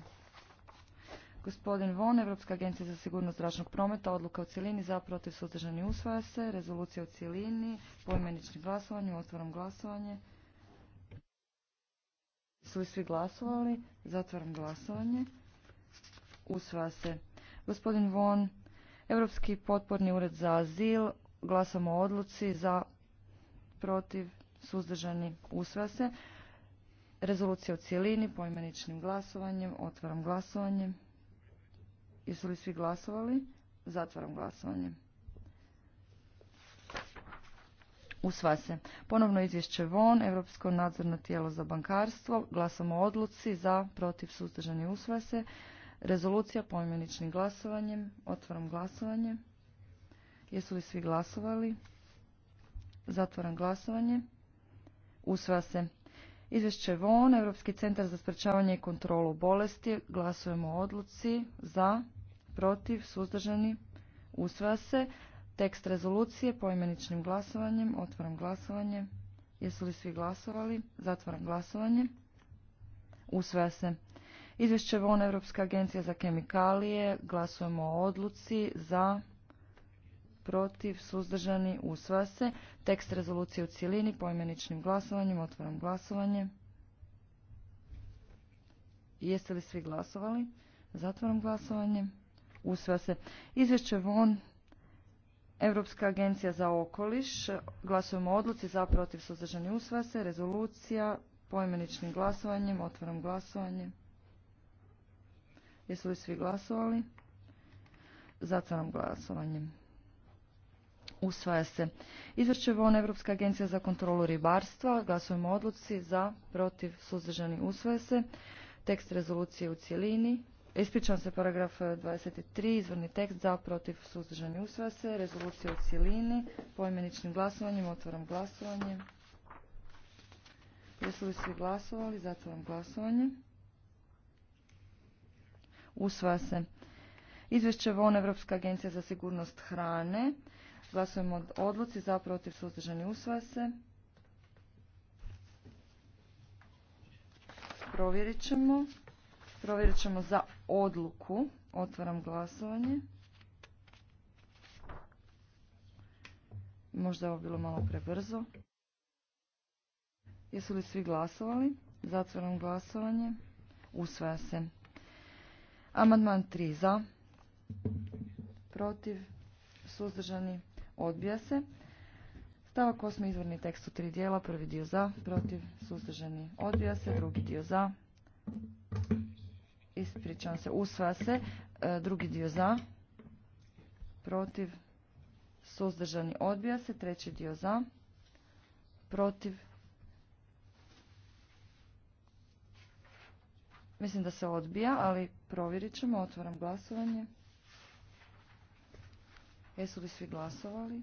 Gospodin Von, Evropska agencija za sigurnost zračnog prometa, odluka u cjelini za protiv suzdržani usvaja se, rezolucija u cjelini, poimenični glasovanje, otvaram glasovanje. Su li svi glasovali? Zatvaram glasovanje. Usvaja se. Gospodin Von, Europski potporni ured za azil, glasamo o odluci za protiv suzdržani, usvaja se. Rezolucija u cijelini, poimeničnim glasovanjem, otvaram glasovanje. Jesu li svi glasovali? Zatvaram glasovanje. Usva se. Ponovno izvješće VON, Europsko nadzorno tijelo za bankarstvo. Glasamo o odluci za, protiv, suzdržani usva se. Rezolucija poimeničnim glasovanjem. Otvaram glasovanje. Jesu li svi glasovali? Zatvaram glasovanje. Usva se. Izvješće VON, Europski centar za sprečavanje i kontrolu bolesti. Glasujemo o odluci. Za, protiv, suzdržani. Usva se. Tekst rezolucije poimeničnim glasovanjem. Otvaram glasovanje. Jesu li svi glasovali? Zatvaram glasovanje. Usvaja se. Izvješće VON, Europska agencija za kemikalije. Glasujemo o odluci. Za, protiv, suzdržani, usvaja se. Tekst rezolucije u cjelini poimeničnim glasovanjem, otvorom glasovanje. Jeste li svi glasovali? Zatvorom glasovanje. Usvaja se. Izvješće VON, Europska agencija za okoliš. Glasujemo odluci za protiv suzdržani usvaja se. Rezolucija poimeničnim glasovanjem. otvorom glasovanje. Jesu li svi glasovali? Zatvorom glasovanjem. Usvaja se. Izvrće VON Evropska agencija za kontrolu ribarstva. Glasujemo odluci za, protiv, suzdržani. Usvaja se. Tekst rezolucije u cjelini. Ispričam se paragraf 23, izvorni tekst za, protiv, suzdržani. Usvaja se. Rezolucija u cjelini. Poimeničnim glasovanjem otvaram glasovanje. Jesu li svi glasovali? Zatvaram glasovanje. Usvaja se. Izvješće VON Evropska agencija za sigurnost hrane. Glasujemo od odluci za protiv suzdržani usvaja se. Provjerit ćemo. Provjerit ćemo za odluku. Otvaram glasovanje. Možda je ovo bilo malo prebrzo. Jesu li svi glasovali? Zatvaram glasovanje. Usvaja se. Amandman 3 za. Protiv. Suzdržani odbija se. Stavak 8. izvorni tekst u tri dijela, prvi dio za, protiv, suzdržani, odbija se, drugi dio za, ispričavam se, usvaja se, e, drugi dio za, protiv, suzdržani, odbija se, treći dio za, protiv, mislim da se odbija, ali provjerit ćemo, otvaram glasovanje. Jesu li svi glasovali?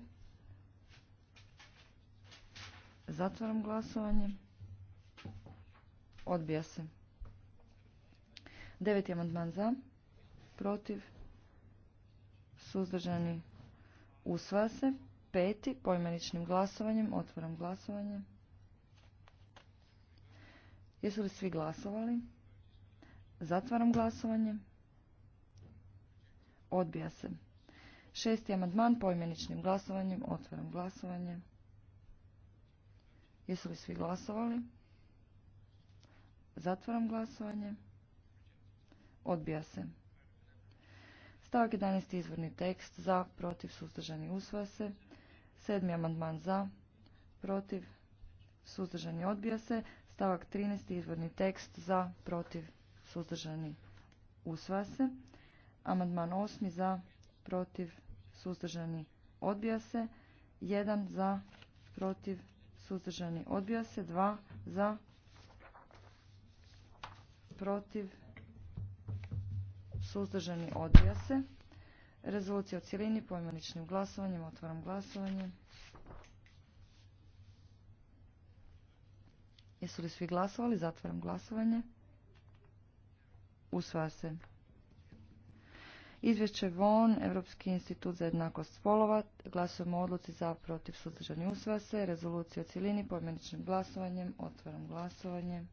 Zatvaram glasovanje. Odbija se. Deveti amandman za. Protiv. Suzdržani. Usvaja se. Peti. Poimeničnim glasovanjem. Otvaram glasovanje. Jesu li svi glasovali? Zatvaram glasovanje. Odbija se. Šesti amandman poimeničnim glasovanjem. Otvaram glasovanje. Jesu li svi glasovali? Zatvaram glasovanje. Odbija se. Stavak 11. izvorni tekst za, protiv, suzdržani, usvaja se. Sedmi amandman za, protiv, suzdržani, odbija se. Stavak 13. izvorni tekst za, protiv, suzdržani, usvaja se. Amandman 8. za, protiv, suzdržani, odbija se. 1 za, protiv, suzdržani, odbija se. 2 za, protiv, suzdržani, odbija se. Rezolucija u cjelini pojmaničnim glasovanjem. Otvaram glasovanje. Jesu li svi glasovali? Zatvaram glasovanje. Usvaja se. Izvješće VON, Europski institut za jednakost spolova, glasujemo o odluci za protiv suzdržani usvase. se, rezolucija o cjelini pojmeničnim glasovanjem, otvaram glasovanje.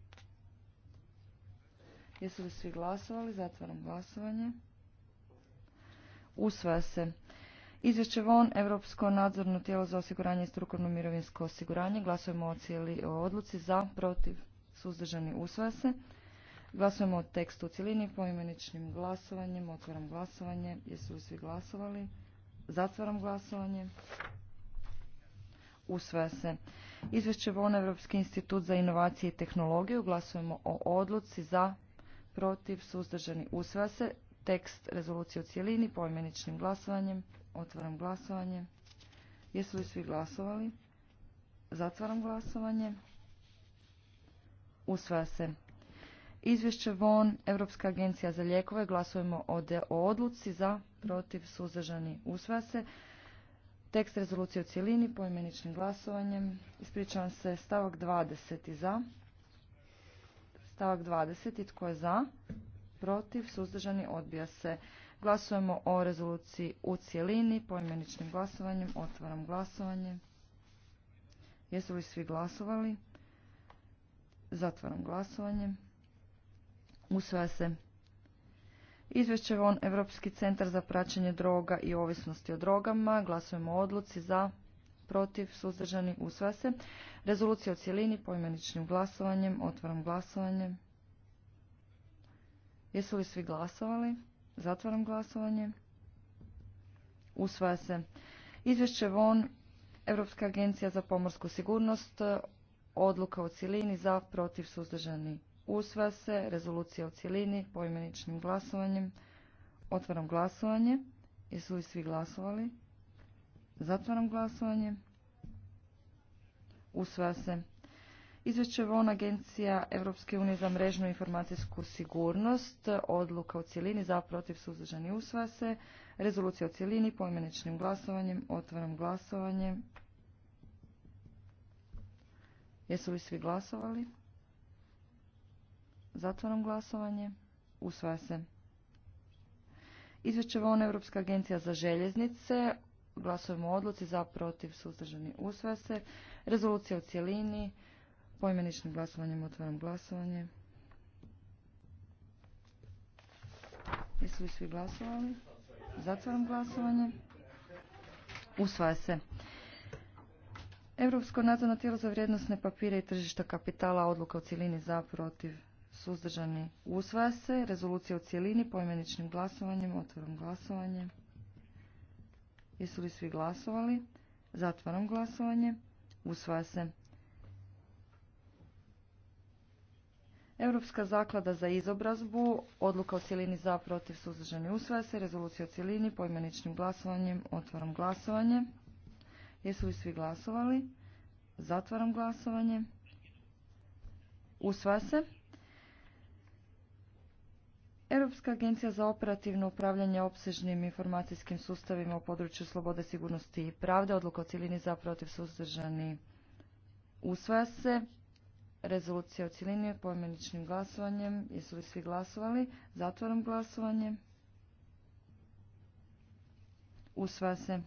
Jesu li svi glasovali? Zatvaram glasovanje. Usvaja se. Izvješće VON, Europsko nadzorno tijelo za osiguranje i strukovno mirovinsko osiguranje. Glasujemo o, cijeli, o odluci za, protiv, suzdržani, usvaja se. Glasujemo o tekstu u cjelini poimeničnim glasovanjem. Otvaram glasovanje. Jesu li svi glasovali? Zatvaram glasovanje. Usvaja se. Izvješće VON Evropski institut za inovacije i tehnologiju. Glasujemo o odluci za, protiv, suzdržani. Usvaja se. Tekst rezolucije u cjelini poimeničnim glasovanjem. Otvaram glasovanje. Jesu li svi glasovali? Zatvaram glasovanje. Usvaja se. Izvješće VON, Europska agencija za lijekove, glasujemo o odluci za, protiv, suzdržani, usvaja se. Tekst rezolucije u cjelini, poimeničnim glasovanjem. Ispričavam se, stavak 20. za. Stavak 20. Tko je za? Protiv, suzdržani, odbija se. Glasujemo o rezoluciji u cjelini, poimeničnim glasovanjem. Otvaram glasovanje. Jesu li svi glasovali? Zatvaram glasovanje. Usvaja se. Izvješće on Europski centar za praćenje droga i ovisnosti o drogama. Glasujemo o odluci za, protiv, suzdržani, usvaja se. Rezolucija o cjelini poimeničnim glasovanjem. Otvaram glasovanje. Jesu li svi glasovali? Zatvaram glasovanje. Usvaja se. Izvješće VON, Europska agencija za pomorsku sigurnost, odluka o cjelini za protiv suzdržani usva se rezolucija o cijelini, poimeničnim glasovanjem. Otvaram glasovanje. Jesu li svi glasovali? Zatvaram glasovanje. usva se. Izvješće VON Agencija Evropske unije za mrežnu informacijsku sigurnost, odluka u cijelini, za protiv suzdržani usvaja se, rezolucija o cijelini, poimeničnim glasovanjem, otvaram glasovanje. Jesu li svi glasovali? Zatvaram glasovanje. Usvaja se. Izvješće VON Europska agencija za željeznice. Glasujemo odluci za protiv suzdržani usvaja se. Rezolucija u cjelini. Poimeničnim glasovanjem otvaram glasovanje. Jesu li svi glasovali? Zatvaram glasovanje. Usvaja se. Europsko nadzorno tijelo za vrijednosne papire i tržišta kapitala odluka u cjelini za protiv suzdržani, usvaja se. Rezolucija u cijelini poimeničnim glasovanjem, otvorom glasovanje. Jesu li svi glasovali? Zatvorom glasovanje. Usvaja se. Europska zaklada za izobrazbu, odluka o cijelini za, protiv, suzdržani, usvaja se. Rezolucija o cijelini poimeničnim glasovanjem, otvorom glasovanje. Jesu li svi glasovali? Zatvorom glasovanje. Usvaja se. Europska agencija za operativno upravljanje opsežnim informacijskim sustavima u području slobode, sigurnosti i pravde, odluka o cilini za protiv suzdržani usvaja se. Rezolucija o cilini pojmeničnim glasovanjem. Jesu li svi glasovali? Zatvorom glasovanje. Usvaja se.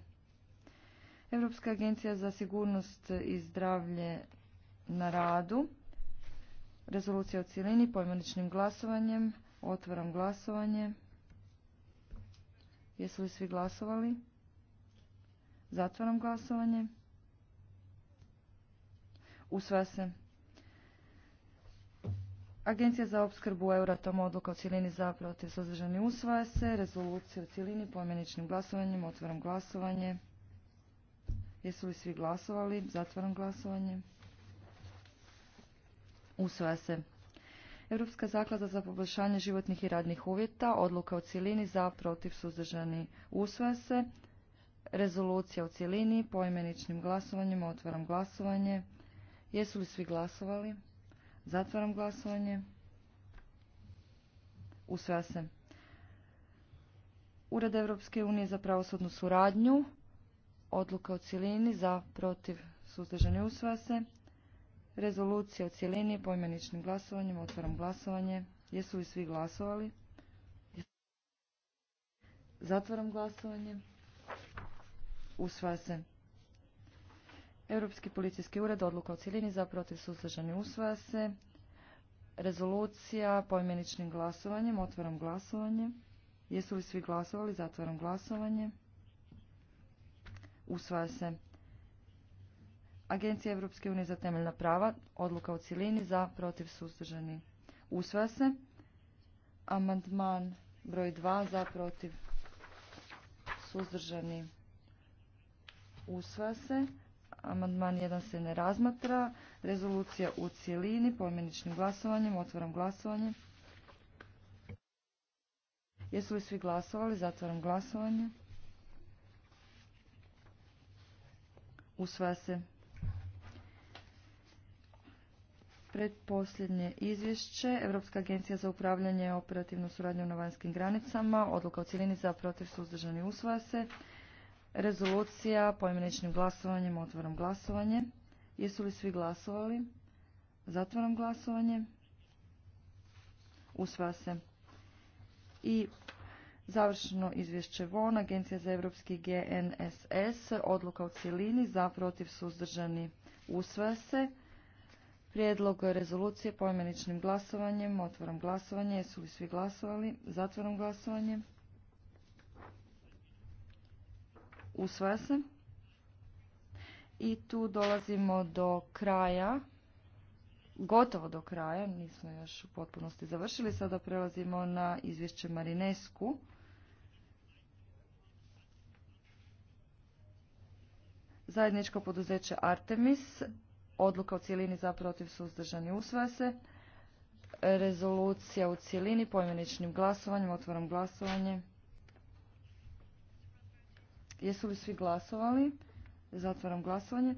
Europska agencija za sigurnost i zdravlje na radu. Rezolucija o cilini pojmeničnim glasovanjem. Otvaram glasovanje. Jesu li svi glasovali? Zatvaram glasovanje. Usvaja se. Agencija za opskrbu Euratom odluka u cijelini za protiv suzdržani usvaja se. Rezolucija u cijelini pomjeničnim glasovanjem. Otvaram glasovanje. Jesu li svi glasovali? Zatvaram glasovanje. Usvaja se. Europska zaklada za poboljšanje životnih i radnih uvjeta, odluka o cjelini za protiv suzdržani usvaja se. Rezolucija u cjelini, poimeničnim glasovanjem otvaram glasovanje. Jesu li svi glasovali? Zatvaram glasovanje. Usvaja se. Ured Europske unije za pravosudnu suradnju, odluka o cjelini za protiv suzdržani usvaja se. Rezolucija o cjelini poimeničnim glasovanjem. Otvaram glasovanje. Jesu li svi glasovali? Zatvaram glasovanje. Usvaja se. Europski policijski ured odluka o cjelini za protiv suzdržani usvaja se. Rezolucija poimeničnim glasovanjem. Otvaram glasovanje. Jesu li svi glasovali? Zatvaram glasovanje. Usvaja se. Agencija Europske unije za temeljna prava, odluka u cilini za protiv suzdržani. Usvaja se. Amandman broj 2 za protiv suzdržani. Usvaja se. Amandman 1 se ne razmatra. Rezolucija u cijelini pojmeničnim glasovanjem. Otvaram glasovanje. Jesu li svi glasovali? Zatvaram glasovanje. Usvaja se. Predposljednje izvješće, Europska agencija za upravljanje operativnom suradnjom na vanjskim granicama, odluka o cijelini za protiv suzdržani usvaja se, rezolucija poimeničnim glasovanjem, otvorom glasovanje. Jesu li svi glasovali? zatvorom glasovanje. Usvaja se. I završeno izvješće VON, Agencija za evropski GNSS, odluka u cijelini za protiv suzdržani usvaja se. Prijedlog rezolucije pojmeničnim glasovanjem. Otvaram glasovanje. Jesu li svi glasovali? Zatvaram glasovanje. Usvaja se. I tu dolazimo do kraja. Gotovo do kraja. Nismo još u potpunosti završili. Sada prelazimo na izvješće Marinesku. Zajedničko poduzeće Artemis odluka u cjelini za protiv suzdržani usvaja se. Rezolucija u cjelini poimeničnim glasovanjem. Otvaram glasovanje. Jesu li svi glasovali? Zatvaram glasovanje.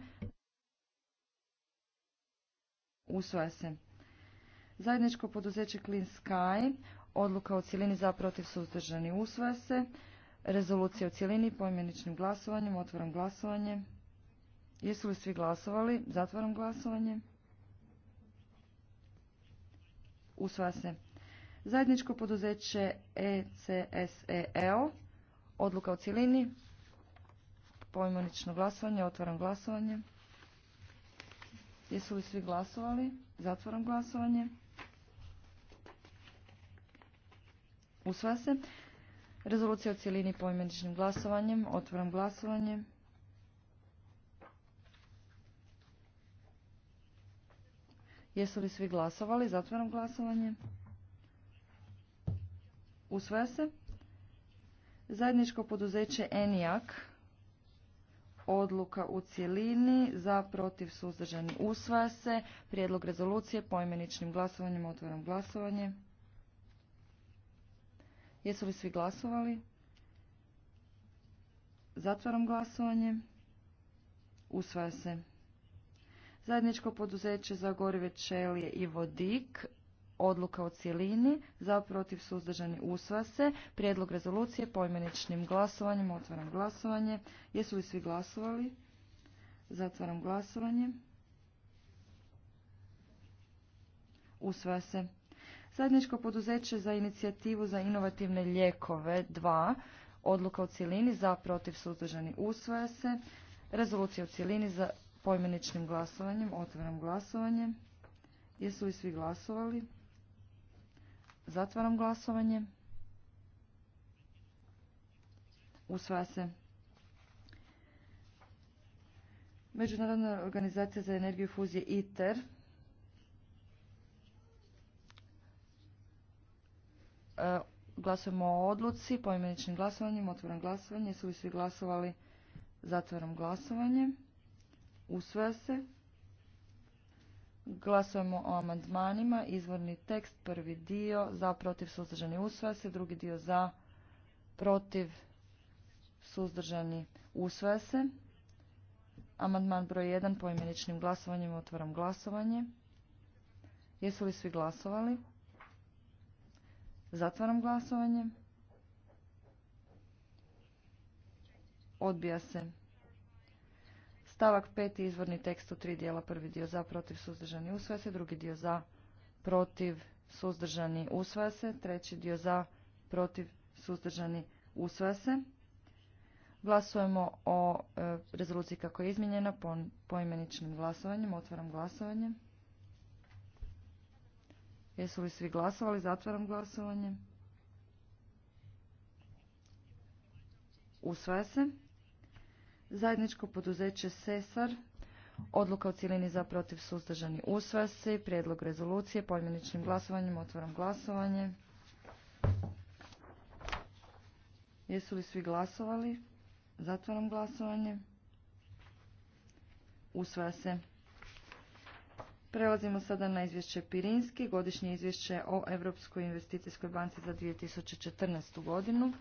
Usvaja se. Zajedničko poduzeće Clean Sky. Odluka u cjelini za protiv suzdržani usvaja se. Rezolucija u cjelini poimeničnim glasovanjem. Otvaram glasovanje. Jesu li svi glasovali? Zatvaram glasovanje. Usvaja se. Zajedničko poduzeće ECSEO. Odluka u cjelini. Pojmanično glasovanje. Otvaram glasovanje. Jesu li svi glasovali? Zatvaram glasovanje. Usvaja se. Rezolucija u cjelini poimeničnim glasovanjem. Otvaram glasovanje. Jesu li svi glasovali? Zatvaram glasovanje. Usvaja se. Zajedničko poduzeće ENIAK. Odluka u cjelini. Za, protiv, suzdržani. Usvaja se. Prijedlog rezolucije poimeničnim glasovanjem. Otvaram glasovanje. Jesu li svi glasovali? Zatvaram glasovanje. Usvaja se zajedničko poduzeće za gorive čelije i vodik, odluka o cjelini, za protiv suzdržani usvase prijedlog rezolucije poimeničnim glasovanjem, otvaram glasovanje. Jesu li svi glasovali? Zatvaram glasovanje. Usvaja se. Zajedničko poduzeće za inicijativu za inovativne ljekove 2. Odluka o cjelini za protiv suzdržani usvaja se. Rezolucija o cjelini za poimeničnim glasovanjem. Otvaram glasovanje. Jesu li svi glasovali? Zatvaram glasovanje. Usvaja se. Međunarodna organizacija za energiju i fuzije ITER. E, glasujemo o odluci poimeničnim glasovanjem. Otvaram glasovanje. Jesu li svi glasovali? Zatvaram glasovanje. Usvaja se. Glasujemo o amandmanima. Izvorni tekst, prvi dio, za, protiv, suzdržani, usvaja se. Drugi dio, za, protiv, suzdržani, usvaja se. Amandman broj 1, poimeničnim glasovanjem, otvaram glasovanje. Jesu li svi glasovali? Zatvaram glasovanje. Odbija se. Stavak peti izvorni tekst u tri dijela. Prvi dio za, protiv, suzdržani, usvaja se. Drugi dio za, protiv, suzdržani, usvaja se. Treći dio za, protiv, suzdržani, usvaja se. Glasujemo o e, rezoluciji kako je izmijenjena po, poimeničnim glasovanjem. Otvaram glasovanje. Jesu li svi glasovali? Zatvaram glasovanje. Usvaja se. Zajedničko poduzeće SESAR, odluka o cijelini za protiv suzdržani usvaja se, prijedlog rezolucije, pojmeničnim glasovanjem, otvaram glasovanje. Jesu li svi glasovali? Zatvaram glasovanje. Usvaja se. Prelazimo sada na izvješće Pirinski, godišnje izvješće o Europskoj investicijskoj banci za 2014. godinu.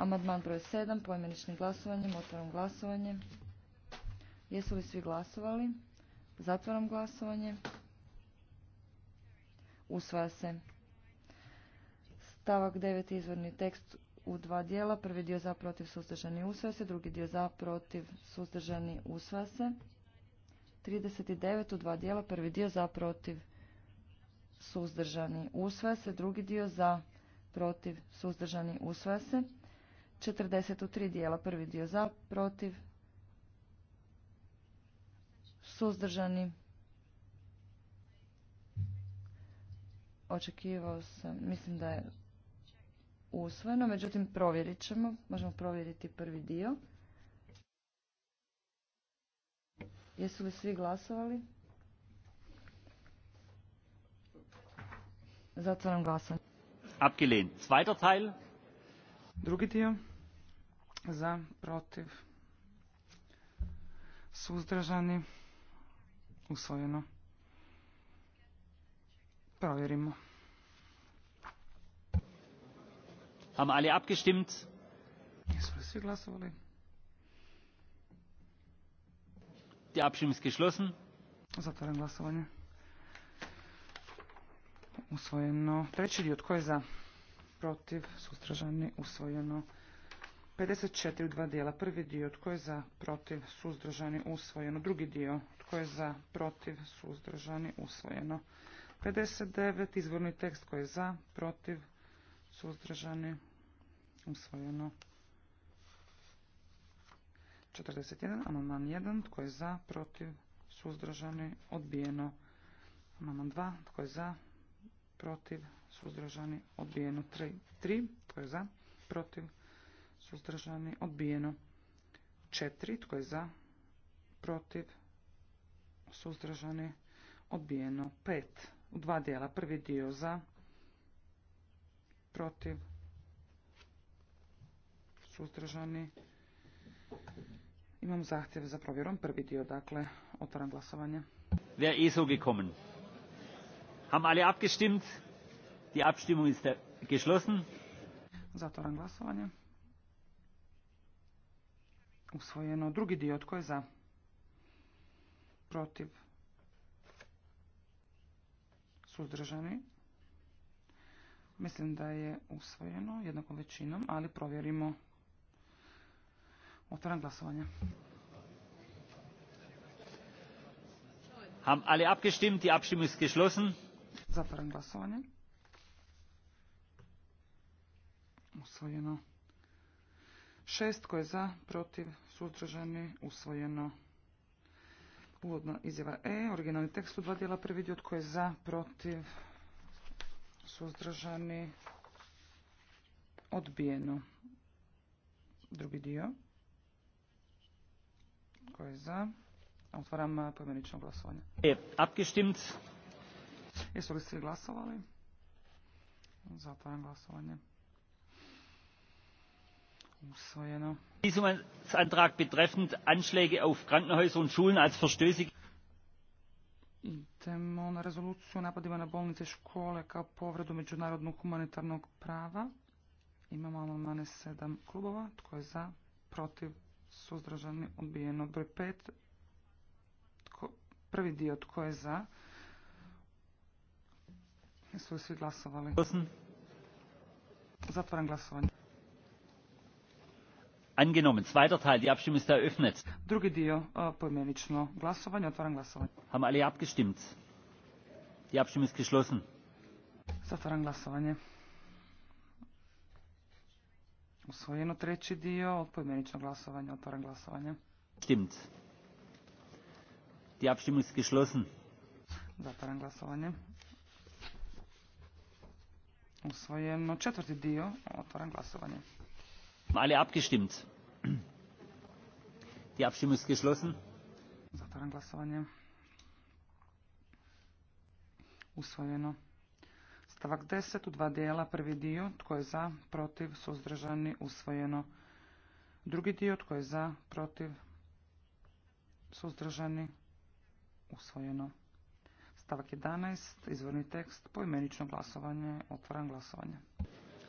Amandman broj 7, poimeničnim glasovanjem, otvaram glasovanje. Jesu li svi glasovali? Zatvaram glasovanje. Usvaja se. Stavak 9. izvorni tekst u dva dijela. Prvi dio za protiv suzdržani usvaja se, drugi dio za protiv suzdržani usvaja se. 39 u dva dijela, prvi dio za protiv suzdržani usvaja se, drugi dio za protiv suzdržani usvaja se. 43 dijela. Prvi dio za, protiv, suzdržani. Očekivao sam, mislim da je usvojeno, međutim provjerit ćemo. Možemo provjeriti prvi dio. Jesu li svi glasovali? Zatvaram glasanje. Abgelehnt. Zweiter Teil. Drugi dio za, protiv, suzdržani, usvojeno. Provjerimo. Haben alle abgestimmt? Jesu li svi glasovali? Die Abstimmung ist geschlossen. Zatvaram glasovanje. Usvojeno. Treći dio, tko je za? Protiv, suzdržani usvojeno. 54 u dva dijela. Prvi dio tko je za, protiv, suzdržani, usvojeno. Drugi dio tko je za, protiv, suzdržani, usvojeno. 59 izvorni tekst tko je za, protiv, suzdržani, usvojeno. 41, amandman 1, tko je za, protiv, suzdržani, odbijeno. Amandman 2, tko je za, protiv, suzdržani, odbijeno. 3, 3 tko je za, protiv, suzdržani, odbijeno. Četiri tko je za, protiv, suzdržani, odbijeno. pet u dva dijela, prvi dio za, protiv, suzdržani. Imam zahtjev za provjerom, prvi dio, dakle, otvaram glasovanje. Wer je eh so gekommen? Haben alle abgestimmt? Die Abstimmung ist äh, geschlossen. Zatvaram glasovanje. Usvojeno. Drugi dio. Tko je za? Protiv. Suzdržani. Mislim da je usvojeno jednakom većinom, ali provjerimo. Otvaram glasovanje. Haben alle abgestimmt? Die Abstimmung ist geschlossen. Zatvaram glasovanje. Usvojeno. Šest koje je za, protiv, suzdržani, usvojeno. Uvodno izjava E, originalni tekst u dva dijela, prvi tko za, protiv, suzdržani, odbijeno. Drugi dio, Koje za, otvaram uh, pojmenično glasovanje. E, abgestimmt. Jesu li svi glasovali? Zatvaram glasovanje. Usvojeno. Visumsantrag betreffend Anschläge auf Krankenhäuser und Schulen als Idemo na rezoluciju napadima na bolnice škole kao povredu međunarodnog humanitarnog prava. Imamo manje sedam klubova. Tko je za? Protiv? Suzdržani? Odbijeno. Broj pet. prvi dio. Tko je za? Jesu li svi glasovali? Zatvaram glasovanje. Angenommen. Zweiter Teil. Die Abstimmung ist eröffnet. Drugi dio e, pojmenično glasovanje. Otvaram glasovanje. Haben alle abgestimmt? Die Abstimmung ist geschlossen. Zatvaram glasovanje. Usvojeno treći dio, pojmenično glasovanje, otvaram glasovanje. Stimmt. Die Abstimmung ist geschlossen. Zatvaram glasovanje. Usvojeno četvrti dio, otvaram glasovanje. Alle abgestimmt. Die Abstimmung ist geschlossen. Usvojeno. Stavak 10 u dva dijela. Prvi dio tko je za, protiv, suzdržani, usvojeno. Drugi dio tko je za, protiv, suzdržani, usvojeno. Stavak 11. Izvorni tekst. Poimenično glasovanje. Otvaram glasovanje.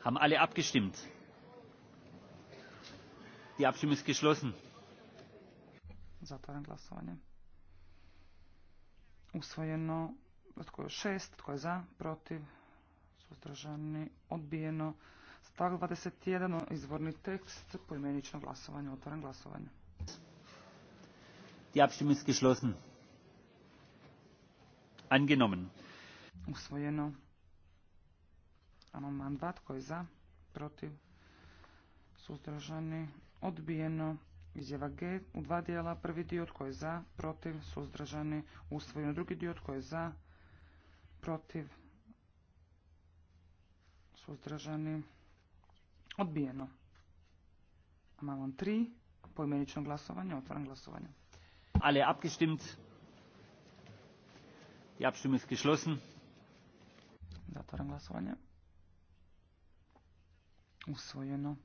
Haben alle abgestimmt? Die Abstimmung ist geschlossen. Zatvaram glasovanje. Usvojeno. Tko je šest? Tko je za? Protiv? Suzdržani? Odbijeno. Stav 21. Izvorni tekst. Poimenično glasovanje. Otvaram glasovanje. Die Abstimmung ist geschlossen. Angenommen. Usvojeno. Amandman 2. Tko je za? Protiv? Suzdržani? odbijeno. Izjava G u dva dijela, prvi dio tko je za, protiv, suzdržani, usvojeno. Drugi dio tko je za, protiv, suzdržani, odbijeno. Amandman 3, poimenično glasovanje, otvaram glasovanje. Alle abgestimmt. Die Abstimmung ist geschlossen. Otvoran glasovanje. Usvojeno.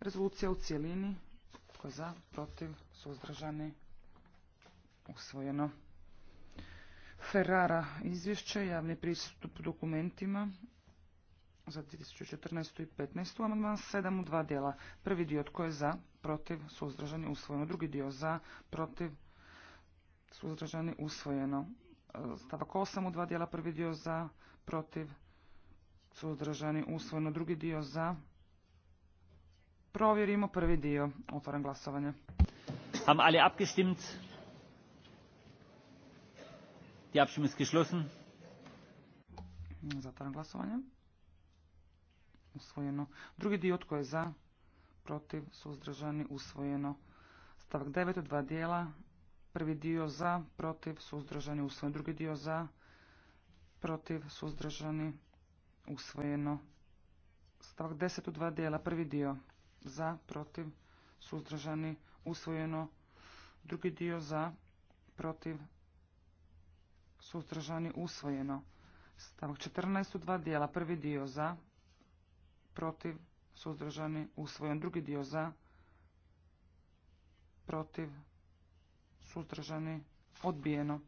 Rezolucija u cijelini. Tko je za? Protiv? Suzdržani? Usvojeno. Ferrara izvješće, javni pristup dokumentima za 2014. i 2015. Amandman 7 u dva dijela. Prvi dio tko je za, protiv, suzdržani, usvojeno. Drugi dio za, protiv, suzdržani, usvojeno. Stavak 8 u dva dijela. Prvi dio za, protiv, suzdržani, usvojeno. Drugi dio za, Provjerimo prvi dio. Otvoren glasovanje. Haben ali abgestimmt? Die Abstimmung ist geschlossen. Zatvaram glasovanje. Usvojeno. Drugi dio tko je za, protiv, suzdržani, usvojeno. Stavak devet u dva dijela. Prvi dio za, protiv, suzdržani, usvojeno. Drugi dio za, protiv, suzdržani, usvojeno. Stavak deset u dva dijela. Prvi dio za, protiv, suzdržani, usvojeno. Drugi dio za, protiv, suzdržani, usvojeno. Stavak 14 u dva dijela. Prvi dio za, protiv, suzdržani, usvojeno. Drugi dio za, protiv, suzdržani, odbijeno.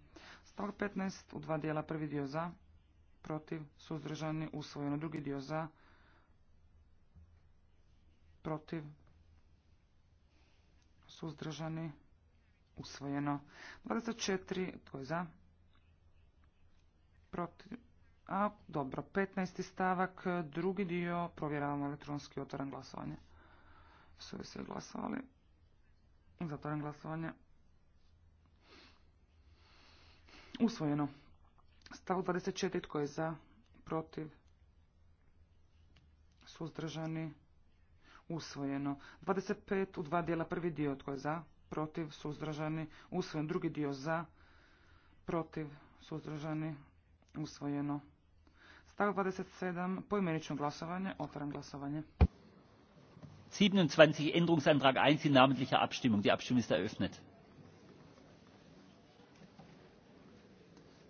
Stavak 15 u dva dijela. Prvi dio za, protiv, suzdržani, usvojeno. Drugi dio za, protiv, suzdržani, usvojeno. 24, tko je za? Protiv, a dobro, 15. stavak, drugi dio, provjeravamo elektronski otvoren glasovanje. Su se svi glasovali? zatvoran glasovanje. Usvojeno. Stav 24, tko je za? Protiv, suzdržani, usvojeno. 25 u dva dijela, prvi dio tko je za, protiv, suzdržani, usvojen, drugi dio za, protiv, suzdržani, usvojeno. Stav 27, pojmenično glasovanje, otvaram glasovanje. 27 Änderungsantrag 1 in namentlicher Abstimmung. Die Abstimmung ist eröffnet.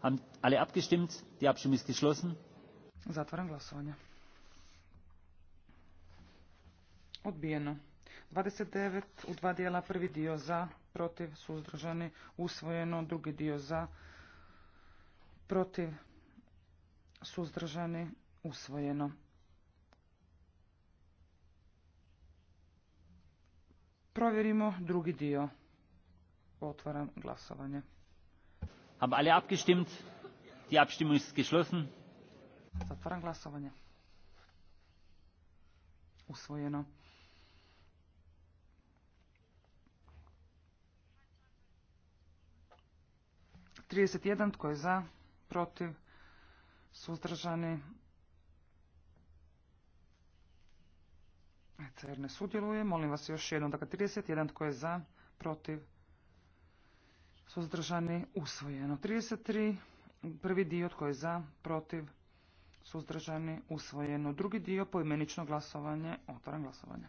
Haben alle abgestimmt? Die Abstimmung ist geschlossen. Zatvaram glasovanje. Odbijeno. 29 u dva dijela, prvi dio za, protiv, suzdržani, usvojeno, drugi dio za, protiv, suzdržani, usvojeno. Provjerimo drugi dio. Otvaram glasovanje. Haben alle abgestimmt? Die Abstimmung ist geschlossen. Zatvaram glasovanje. Usvojeno. 31. Tko je za? Protiv? Suzdržani? ECR ne sudjeluje. Molim vas još jednom. Dakle, 31. Tko je za? Protiv? Suzdržani? Usvojeno. 33. Prvi dio. Tko je za? Protiv? Suzdržani? Usvojeno. Drugi dio. Poimenično glasovanje. Otvaram glasovanje.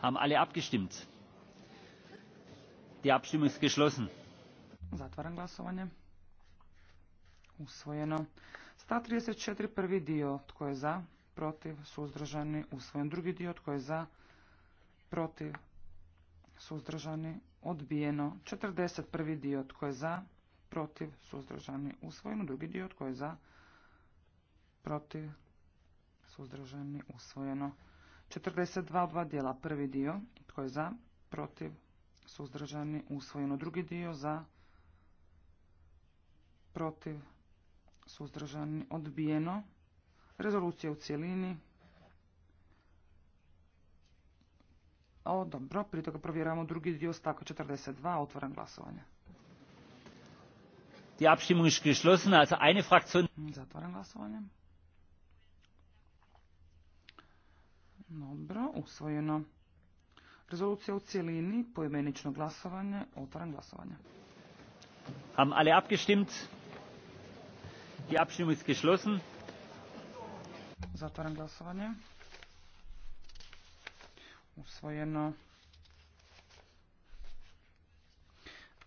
Haben alle abgestimmt? Die Abstimmung ist geschlossen. Zatvaram glasovanje. Usvojeno. 134. prvi dio. Tko je za? Protiv. Suzdržani. Usvojen. Drugi dio. Tko je za? Protiv. Suzdržani. Odbijeno. 41. dio. Tko je za? Protiv. Suzdržani. Usvojeno. Drugi dio. Tko je za? Protiv. Suzdržani. Usvojeno. 42. Dva dijela. Prvi dio. Tko je za? Protiv. Suzdržani. Usvojeno. Drugi dio. Za? protiv, suzdržani, odbijeno. Rezolucija u cijelini. O, dobro, prije toga provjeramo drugi dio stavka 42, otvoran glasovanje. Die Abstimmung ist geschlossen, glasovanje. Dobro, usvojeno. Rezolucija u cijelini, poimenično glasovanje, otvoren glasovanje. Haben alle abgestimmt? Die Abstimmung ist geschlossen. Zatvaram glasovanje. Usvojeno.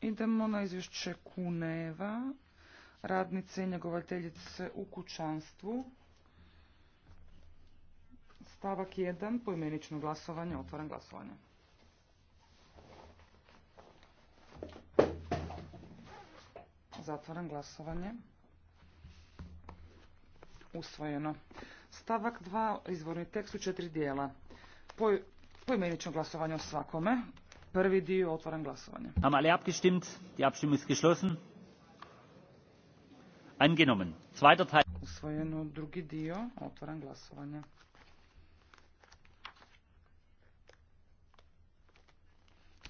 Idemo na izvješće Kuneva, radnice i njegovateljice u kućanstvu. Stavak 1, poimenično glasovanje, otvaram glasovanje. Zatvaram glasovanje usvojeno. Stavak 2, izvorni tekst u četiri dijela. poimenično glasovanje o svakome. Prvi dio, otvoren glasovanje. Am alle abgestimmt? Die Abstimmung geschlossen. Usvojeno drugi dio, otvoren glasovanje.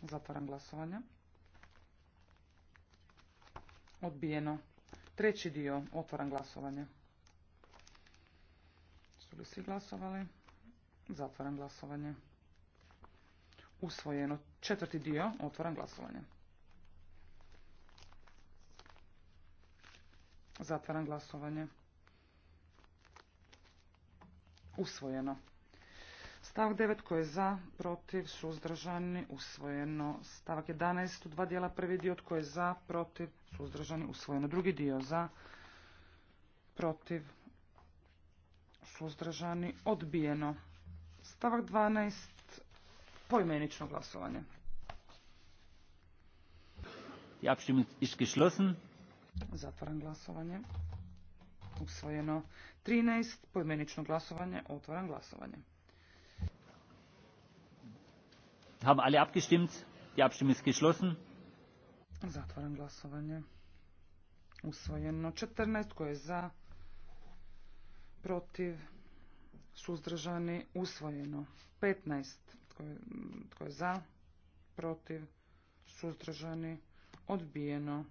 Zatvaram glasovanje. Odbijeno. Treći dio, otvaram glasovanje svi glasovali? Zatvaram glasovanje. Usvojeno. Četvrti dio. Otvaram glasovanje. Zatvaram glasovanje. Usvojeno. Stavak 9 koji je za, protiv, suzdržani, usvojeno. Stavak 11 u dva dijela prvi dio tko je za, protiv, suzdržani, usvojeno. Drugi dio za, protiv, suzdržani, odbijeno. Stavak 12, Pojmenično glasovanje. Die Abstimmung ist geschlossen. Zatvaram glasovanje. Usvojeno 13, Pojmenično glasovanje, otvaram glasovanje. Haben alle abgestimmt? Die Abstimmung ist geschlossen. Zatvaram glasovanje. Usvojeno 14, koje je za, protiv, suzdržani, usvojeno. 15. Tko je, je za, protiv, suzdržani, odbijeno.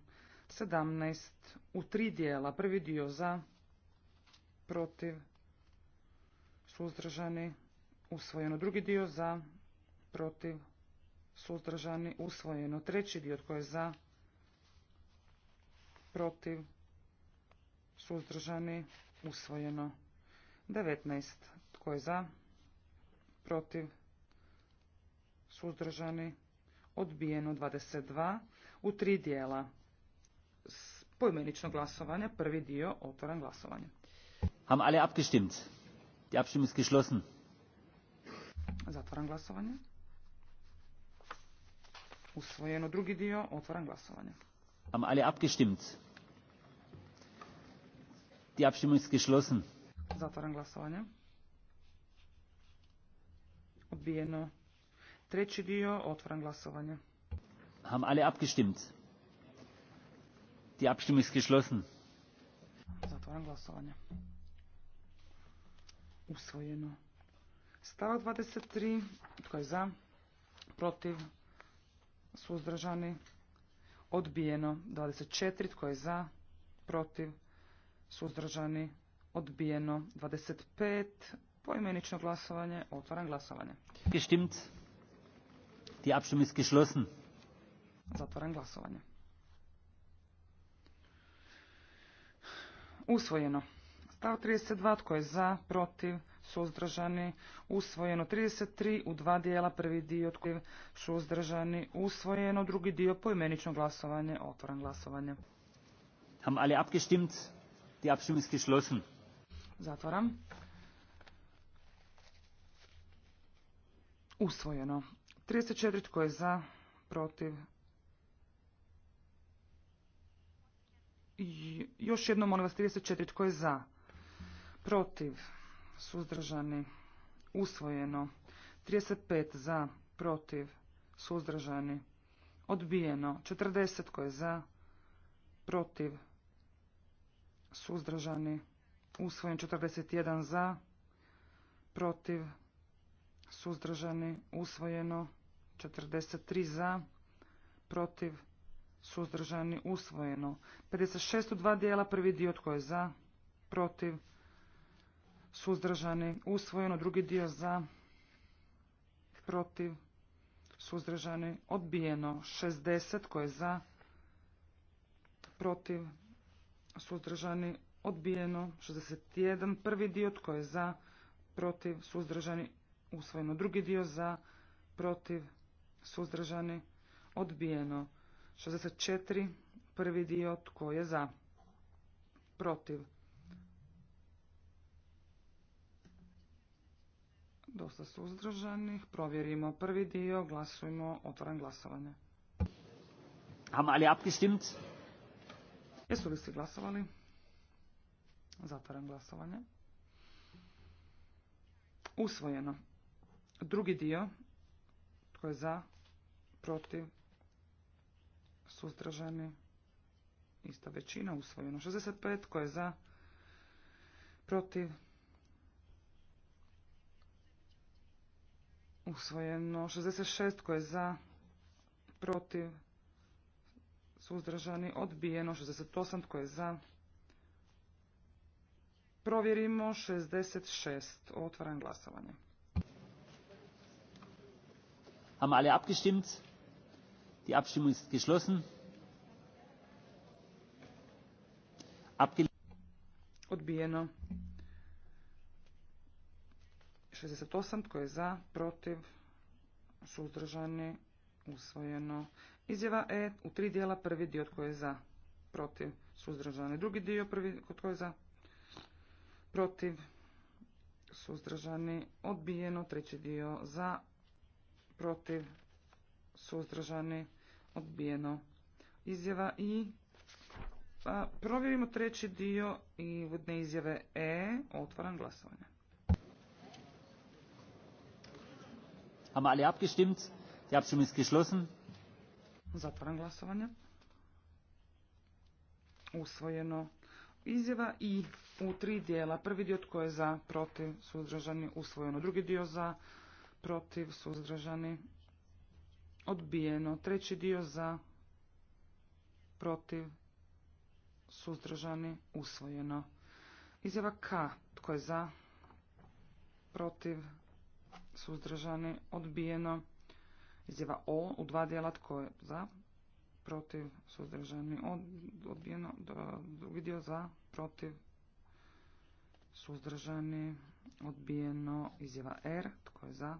17. U tri dijela. Prvi dio za, protiv, suzdržani, usvojeno. Drugi dio za, protiv, suzdržani, usvojeno. Treći dio tko je za, protiv, suzdržani, usvojeno. 19. Tko je za? Protiv? Suzdržani? Odbijeno 22. U tri dijela. Pojmenično glasovanje. Prvi dio. Otvoran glasovanje. Ham alle abgestimmt. Die Abstimmung ist geschlossen. Zatvoran glasovanje. Usvojeno drugi dio. otvoren glasovanje. Ham alle abgestimmt. Die Abstimmung ist geschlossen. Zatvaram glasovanje. Odbijeno. Treći dio, otvaram glasovanje. Ham ali abgestimmt. Die Abstimmung ist geschlossen. Zatvaram glasovanje. Usvojeno. Stavak 23. Tko je za? Protiv? Suzdržani? Odbijeno. 24. Tko je za? Protiv? Suzdržani? odbijeno 25, poimenično glasovanje, otvaram glasovanje. Gestimmt. Die Abstimmung ist geschlossen. Zatvaram glasovanje. Usvojeno. Stav 32, tko je za, protiv, suzdržani, usvojeno 33, u dva dijela, prvi dio tko je suzdržani, usvojeno, drugi dio, poimenično glasovanje, otvoran glasovanje. Haben alle abgestimmt? Die Abstimmung ist geschlossen. Zatvaram. Usvojeno. 34 tko je za, protiv. još jednom molim vas 34 tko je za, protiv, suzdržani, usvojeno. 35 za, protiv, suzdržani, odbijeno. 40 tko je za, protiv, suzdržani, usvojen 41 za, protiv, suzdržani, usvojeno 43 za, protiv, suzdržani, usvojeno 56 u dva dijela, prvi dio tko je za, protiv, suzdržani, usvojeno drugi dio za, protiv, suzdržani, odbijeno 60 tko je za, protiv, suzdržani, odbijeno 61 prvi dio tko je za protiv suzdržani usvojeno drugi dio za protiv suzdržani odbijeno 64 prvi dio tko je za protiv dosta suzdržanih provjerimo prvi dio glasujmo otvaram glasovanje alle jesu li svi glasovali Zatvaram glasovanje. Usvojeno. Drugi dio, tko je za, protiv, suzdržani, ista većina, usvojeno. 65, tko je za, protiv, usvojeno. 66, tko je za, protiv, suzdržani, odbijeno. 68, tko je za, Provjerimo 66. Otvaram glasovanje. Haben alle abgestimmt? Die Abstimmung ist geschlossen. Odbijeno. 68. Tko je za? Protiv? Suzdržani? Usvojeno. Izjava E u tri dijela. Prvi dio tko je za? Protiv? Suzdržani. Drugi dio. Prvi tko je za? protiv, suzdržani, odbijeno, treći dio za, protiv, suzdržani, odbijeno. Izjava i pa provjerimo treći dio i vodne izjave E, otvaram glasovanje. Haben ali abgestimt, Die geschlossen. Zatvaram glasovanje. Usvojeno. Izjava i u tri dijela. Prvi dio tko je za, protiv, suzdržani, usvojeno. Drugi dio za, protiv, suzdržani, odbijeno. Treći dio za, protiv, suzdržani, usvojeno. Izjava K. Tko je za, protiv, suzdržani, odbijeno. Izjava O. U dva dijela tko je za, protiv, suzdržani, odbijeno, drugi dio za, protiv, suzdržani, odbijeno, izjava R, tko je za,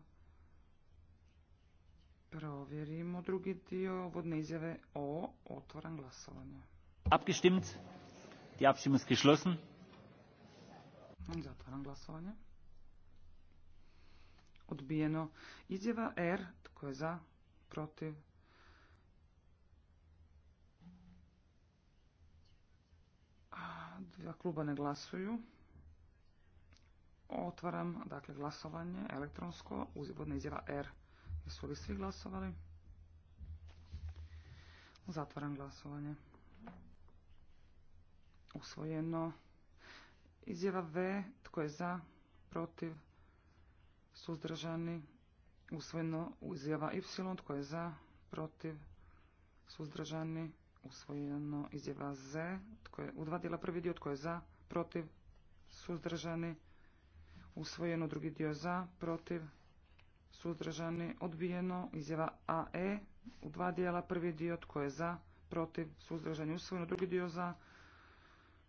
provjerimo drugi dio vodne izjave O, otvoran glasovanje. Abgestimmt, die Abstimmung ist geschlossen. Zatvaram glasovanje. Odbijeno. Izjava R, tko je za, protiv, Dva kluba ne glasuju. Otvaram, dakle, glasovanje elektronsko, uzivodna izjava R. Jesu li svi glasovali? Zatvaram glasovanje. Usvojeno. Izjava V. Tko je za? Protiv? Suzdržani? Usvojeno. Izjava Y. Tko je za? Protiv? Suzdržani? usvojeno izjava Z, tko je, u dva dijela prvi dio tko je za, protiv, suzdržani, usvojeno drugi dio za, protiv, suzdržani, odbijeno, izjava AE, u dva dijela prvi dio tko je za, protiv, suzdržani, usvojeno drugi dio za,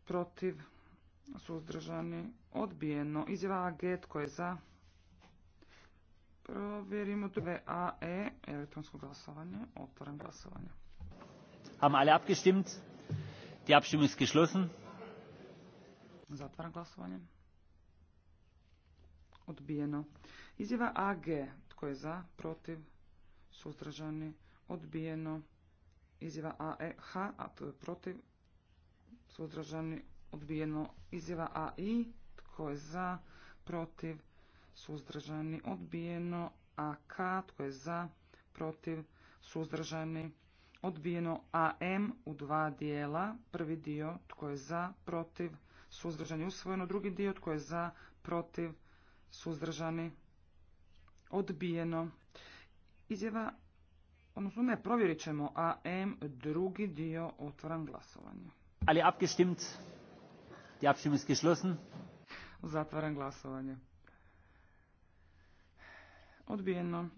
protiv, suzdržani, odbijeno, izjava AG, tko je za, provjerimo dve AE, elektronsko glasovanje, otvoren glasovanje. Haben alle abgestimmt? Die Abstimmung ist geschlossen. Zatvaram glasovanje. Odbijeno. Izjava AG. Tko je za? Protiv? Suzdržani? Odbijeno. Izjava AEH. A e to je protiv? Suzdržani? Odbijeno. Izjava AI. Tko je za? Protiv? Suzdržani? Odbijeno. AK. Tko je za? Protiv? Suzdržani? odbijeno AM u dva dijela. Prvi dio tko je za, protiv, suzdržani usvojeno. Drugi dio tko je za, protiv, suzdržani odbijeno. Izjava, odnosno ne, provjerit ćemo AM drugi dio otvoran glasovanje. Ali abgestimmt? Die Abstimmung ist geschlossen. Zatvaram glasovanje. Odbijeno.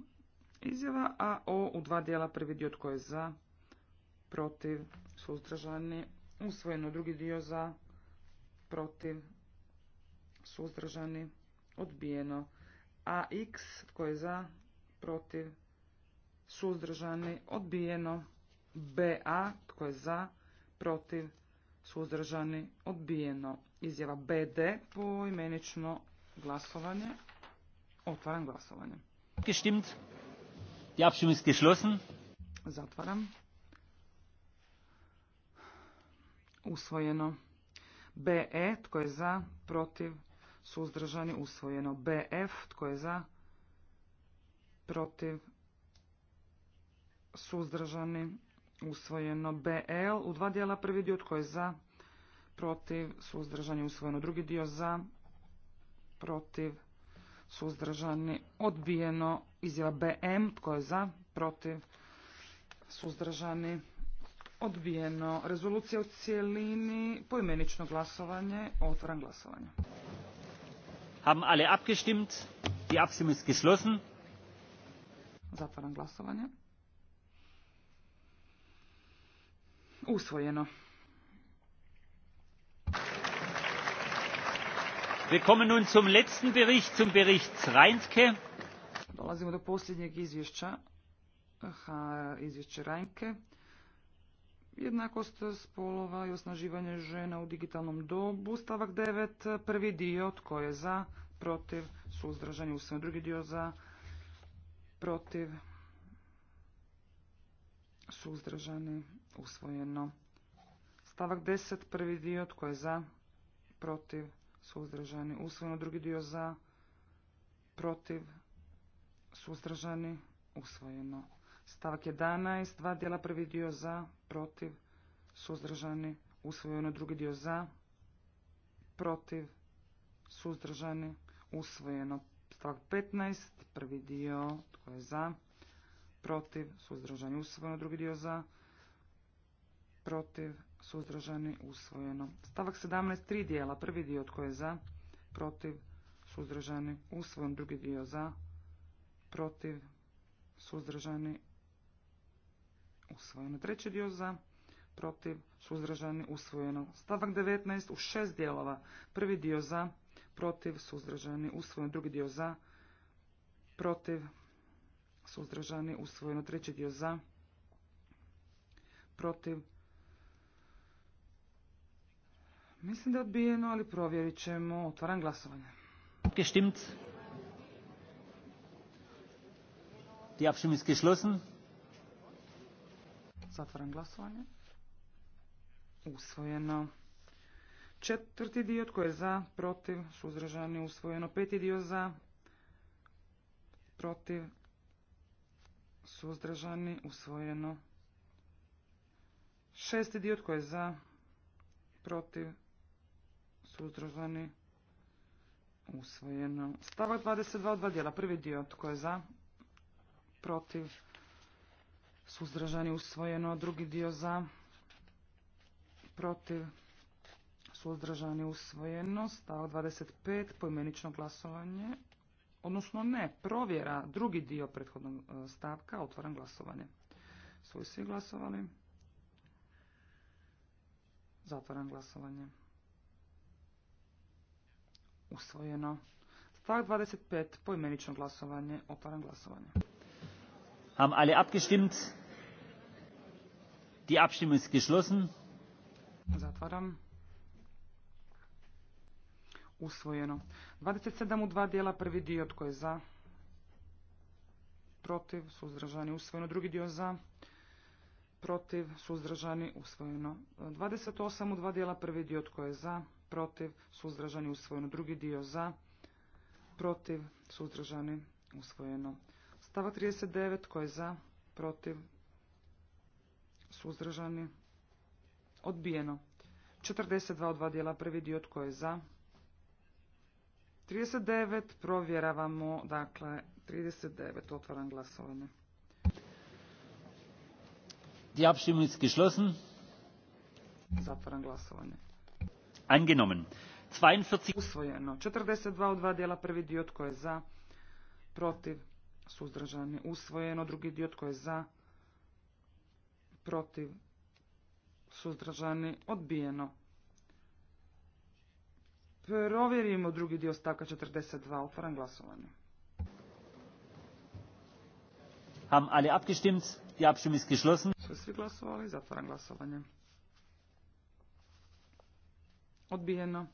Izjava AO u dva dijela prvi dio tko je za, protiv, suzdržani, usvojeno. Drugi dio za, protiv, suzdržani, odbijeno. AX, tko je za, protiv, suzdržani, odbijeno. BA, tko je za, protiv, suzdržani, odbijeno. Izjava BD, poimenično glasovanje. Otvaram glasovanje. Gestimmt. Die Abstimmung ist geschlossen. Zatvaram. usvojeno. BE, tko je za, protiv, suzdržani, usvojeno. BF, tko je za, protiv, suzdržani, usvojeno. BL, u dva dijela prvi dio, tko je za, protiv, suzdržani, usvojeno. Drugi dio za, protiv, suzdržani, odbijeno. Izjava BM, tko je za, protiv, suzdržani, Odbijeno. Rezolucija u cijelini. Poimenično glasovanje. Otvoran glasovanje. Haben alle abgestimmt? Die Abstimmung ist geschlossen. Zatvoran glasovanje. Usvojeno. Wir kommen nun zum letzten Bericht, zum Bericht Reinske. Dolazimo do posljednjeg izvješća, Aha, izvješće Reinke jednakost spolova i osnaživanje žena u digitalnom dobu, stavak 9, prvi dio, tko je za, protiv, u usvojen, drugi dio za, protiv, suzdržani, usvojeno. Stavak 10, prvi dio, tko je za, protiv, suzdržani, usvojeno, drugi dio za, protiv, suzdržani, usvojeno. Stavak 11, dva dijela, prvi dio za, protiv, suzdržani, usvojeno. Drugi dio za, protiv, suzdržani, usvojeno. Stavak 15, prvi dio, tko je za, protiv, suzdržani, usvojeno. Drugi dio za, protiv, suzdržani, usvojeno. Stavak 17, tri dijela, prvi dio tko je za, protiv, suzdržani, usvojen. Drugi dio za, protiv, suzdržani, usvojeno. Treći dio za, protiv, suzdržani, usvojeno. Stavak 19 u šest dijelova. Prvi dio za, protiv, suzdržani, usvojeno. Drugi dio za, protiv, suzdržani, usvojeno. Treći dio za, protiv, Mislim da je odbijeno, ali provjerit ćemo. Otvaram glasovanje. Gestimt. Die Abstimmung ist geschlossen zatvoren glasovanje. Usvojeno. Četvrti dio tko je za, protiv, suzdržani, usvojeno. Peti dio za, protiv, suzdržani, usvojeno. Šesti dio tko je za, protiv, suzdržani, usvojeno. Stavak 22 dva dijela. Prvi dio tko je za, protiv, suzdržani usvojeno, drugi dio za, protiv, suzdržani usvojeno, stav 25, pojmenično glasovanje, odnosno ne, provjera, drugi dio prethodnog e, stavka, otvaram glasovanje. Su svi glasovali? Zatvaram glasovanje. Usvojeno. Stavak 25, poimenično glasovanje, otvaram glasovanje. Haben alle Die Abstimmung ist geschlossen. Zatvaram. Usvojeno. 27 u dva dijela, prvi dio tko je za, protiv, suzdržani, usvojeno. Drugi dio za, protiv, suzdržani, usvojeno. 28 u dva dijela, prvi dio tko je za, protiv, suzdržani, usvojeno. Drugi dio za, protiv, suzdržani, usvojeno. Stava 39 tko je za, protiv, suzdržani, odbijeno. 42 od 2 dijela, prvi dio tko je za. 39 provjeravamo, dakle 39 otvaram glasovanje. Die Abstimmung ist geschlossen. Zatvaram glasovanje. Angenommen. 42 usvojeno. 42 od 2 dijela, prvi dio tko je za, protiv, suzdržani, usvojeno, drugi dio tko je za, protiv, suzdržani, odbijeno. Provjerimo drugi dio stavka 42. Otvaram glasovanje. Ham alle abgestimmt? Die Abstimmung ist geschlossen. svi glasovali? Zatvaram glasovanje. Odbijeno.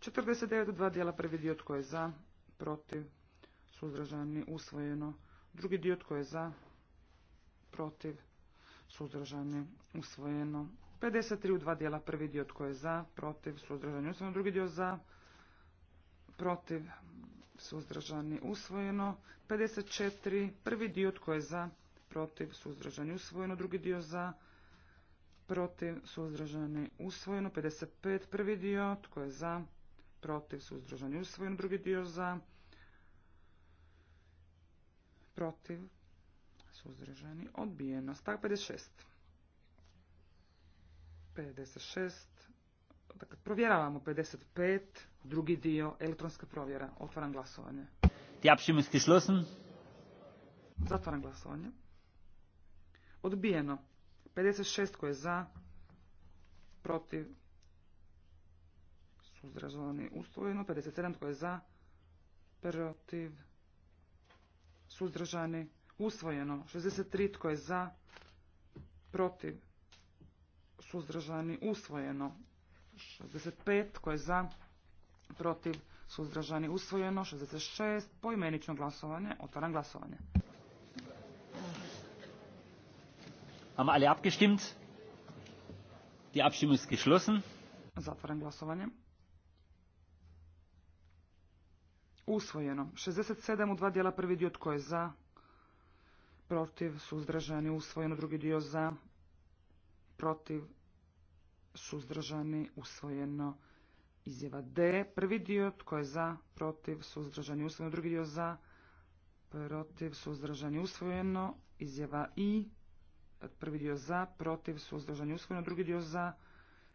49 devet dva dijela. Prvi dio tko je za, protiv, suzdržani, usvojeno. Drugi dio tko je za, protiv, suzdržani, usvojeno. 53 u dva dijela, prvi dio tko je za, protiv, suzdržani, usvojeno, drugi dio za, protiv, suzdržani, usvojeno. 54, prvi dio tko je za, protiv, suzdržani, usvojeno, drugi dio za, protiv, suzdržani, usvojeno. 55, prvi dio tko je za, protiv, suzdržani, usvojeno, drugi dio za, protiv, suzdržani, odbijeno. Stak 56. 56. Dakle, provjeravamo 55, drugi dio, elektronska provjera. Otvaram glasovanje. Die ist geschlossen. Zatvaram glasovanje. Odbijeno. 56 koje je za, protiv, suzdržani, usvojeno. 57 koje je za, protiv, suzdržani, usvojeno. 63 tko je za, protiv, suzdržani, usvojeno. 65 tko je za, protiv, suzdržani, usvojeno. 66 poimenično glasovanje, otvaram glasovanje. Haben alle abgestimmt? Die Abstimmung ist geschlossen. Zatvaram glasovanje. Usvojeno. 67 u dva dijela prvi dio tko je za, protiv, suzdržani, usvojeno. Drugi dio za, protiv, suzdržani, usvojeno. Izjava D. Prvi dio tko je za, protiv, suzdržani, usvojeno. Drugi dio za, protiv, suzdržani, usvojeno. Izjava I. Prvi dio za, protiv, suzdržani, usvojeno. Drugi dio za,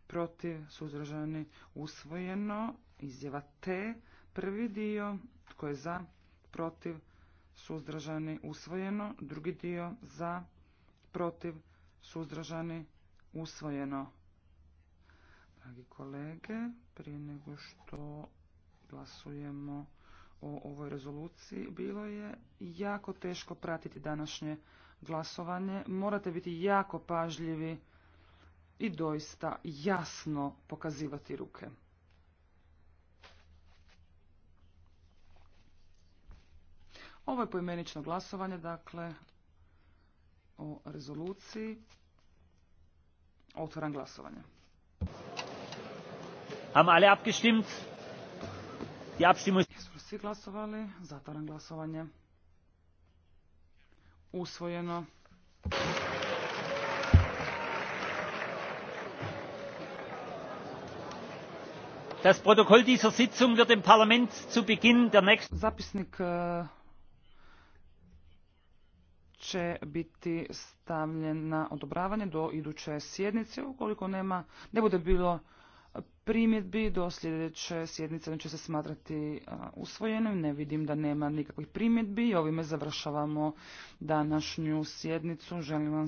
protiv, suzdržani, usvojeno. Izjava T. Prvi dio tko je za, protiv, suzdržani, usvojeno. Drugi dio za, protiv, suzdržani, usvojeno. Dragi kolege, prije nego što glasujemo o ovoj rezoluciji, bilo je jako teško pratiti današnje glasovanje. Morate biti jako pažljivi i doista jasno pokazivati ruke. Ovo je poimenično glasovanje, dakle, o rezoluciji. Otvaram glasovanje. Haben alle abgestimmt? Die Abstimmung Jesu svi glasovali? Zatvaram glasovanje. Usvojeno. Das Protokoll dieser Sitzung wird dem Parlament zu Beginn der nächsten Zapisnik eh, će biti stavljen na odobravanje do iduće sjednice. Ukoliko nema, ne bude bilo primjedbi do sljedeće sjednice ne će se smatrati usvojenim. Ne vidim da nema nikakvih primjedbi i ovime završavamo današnju sjednicu. Želim vam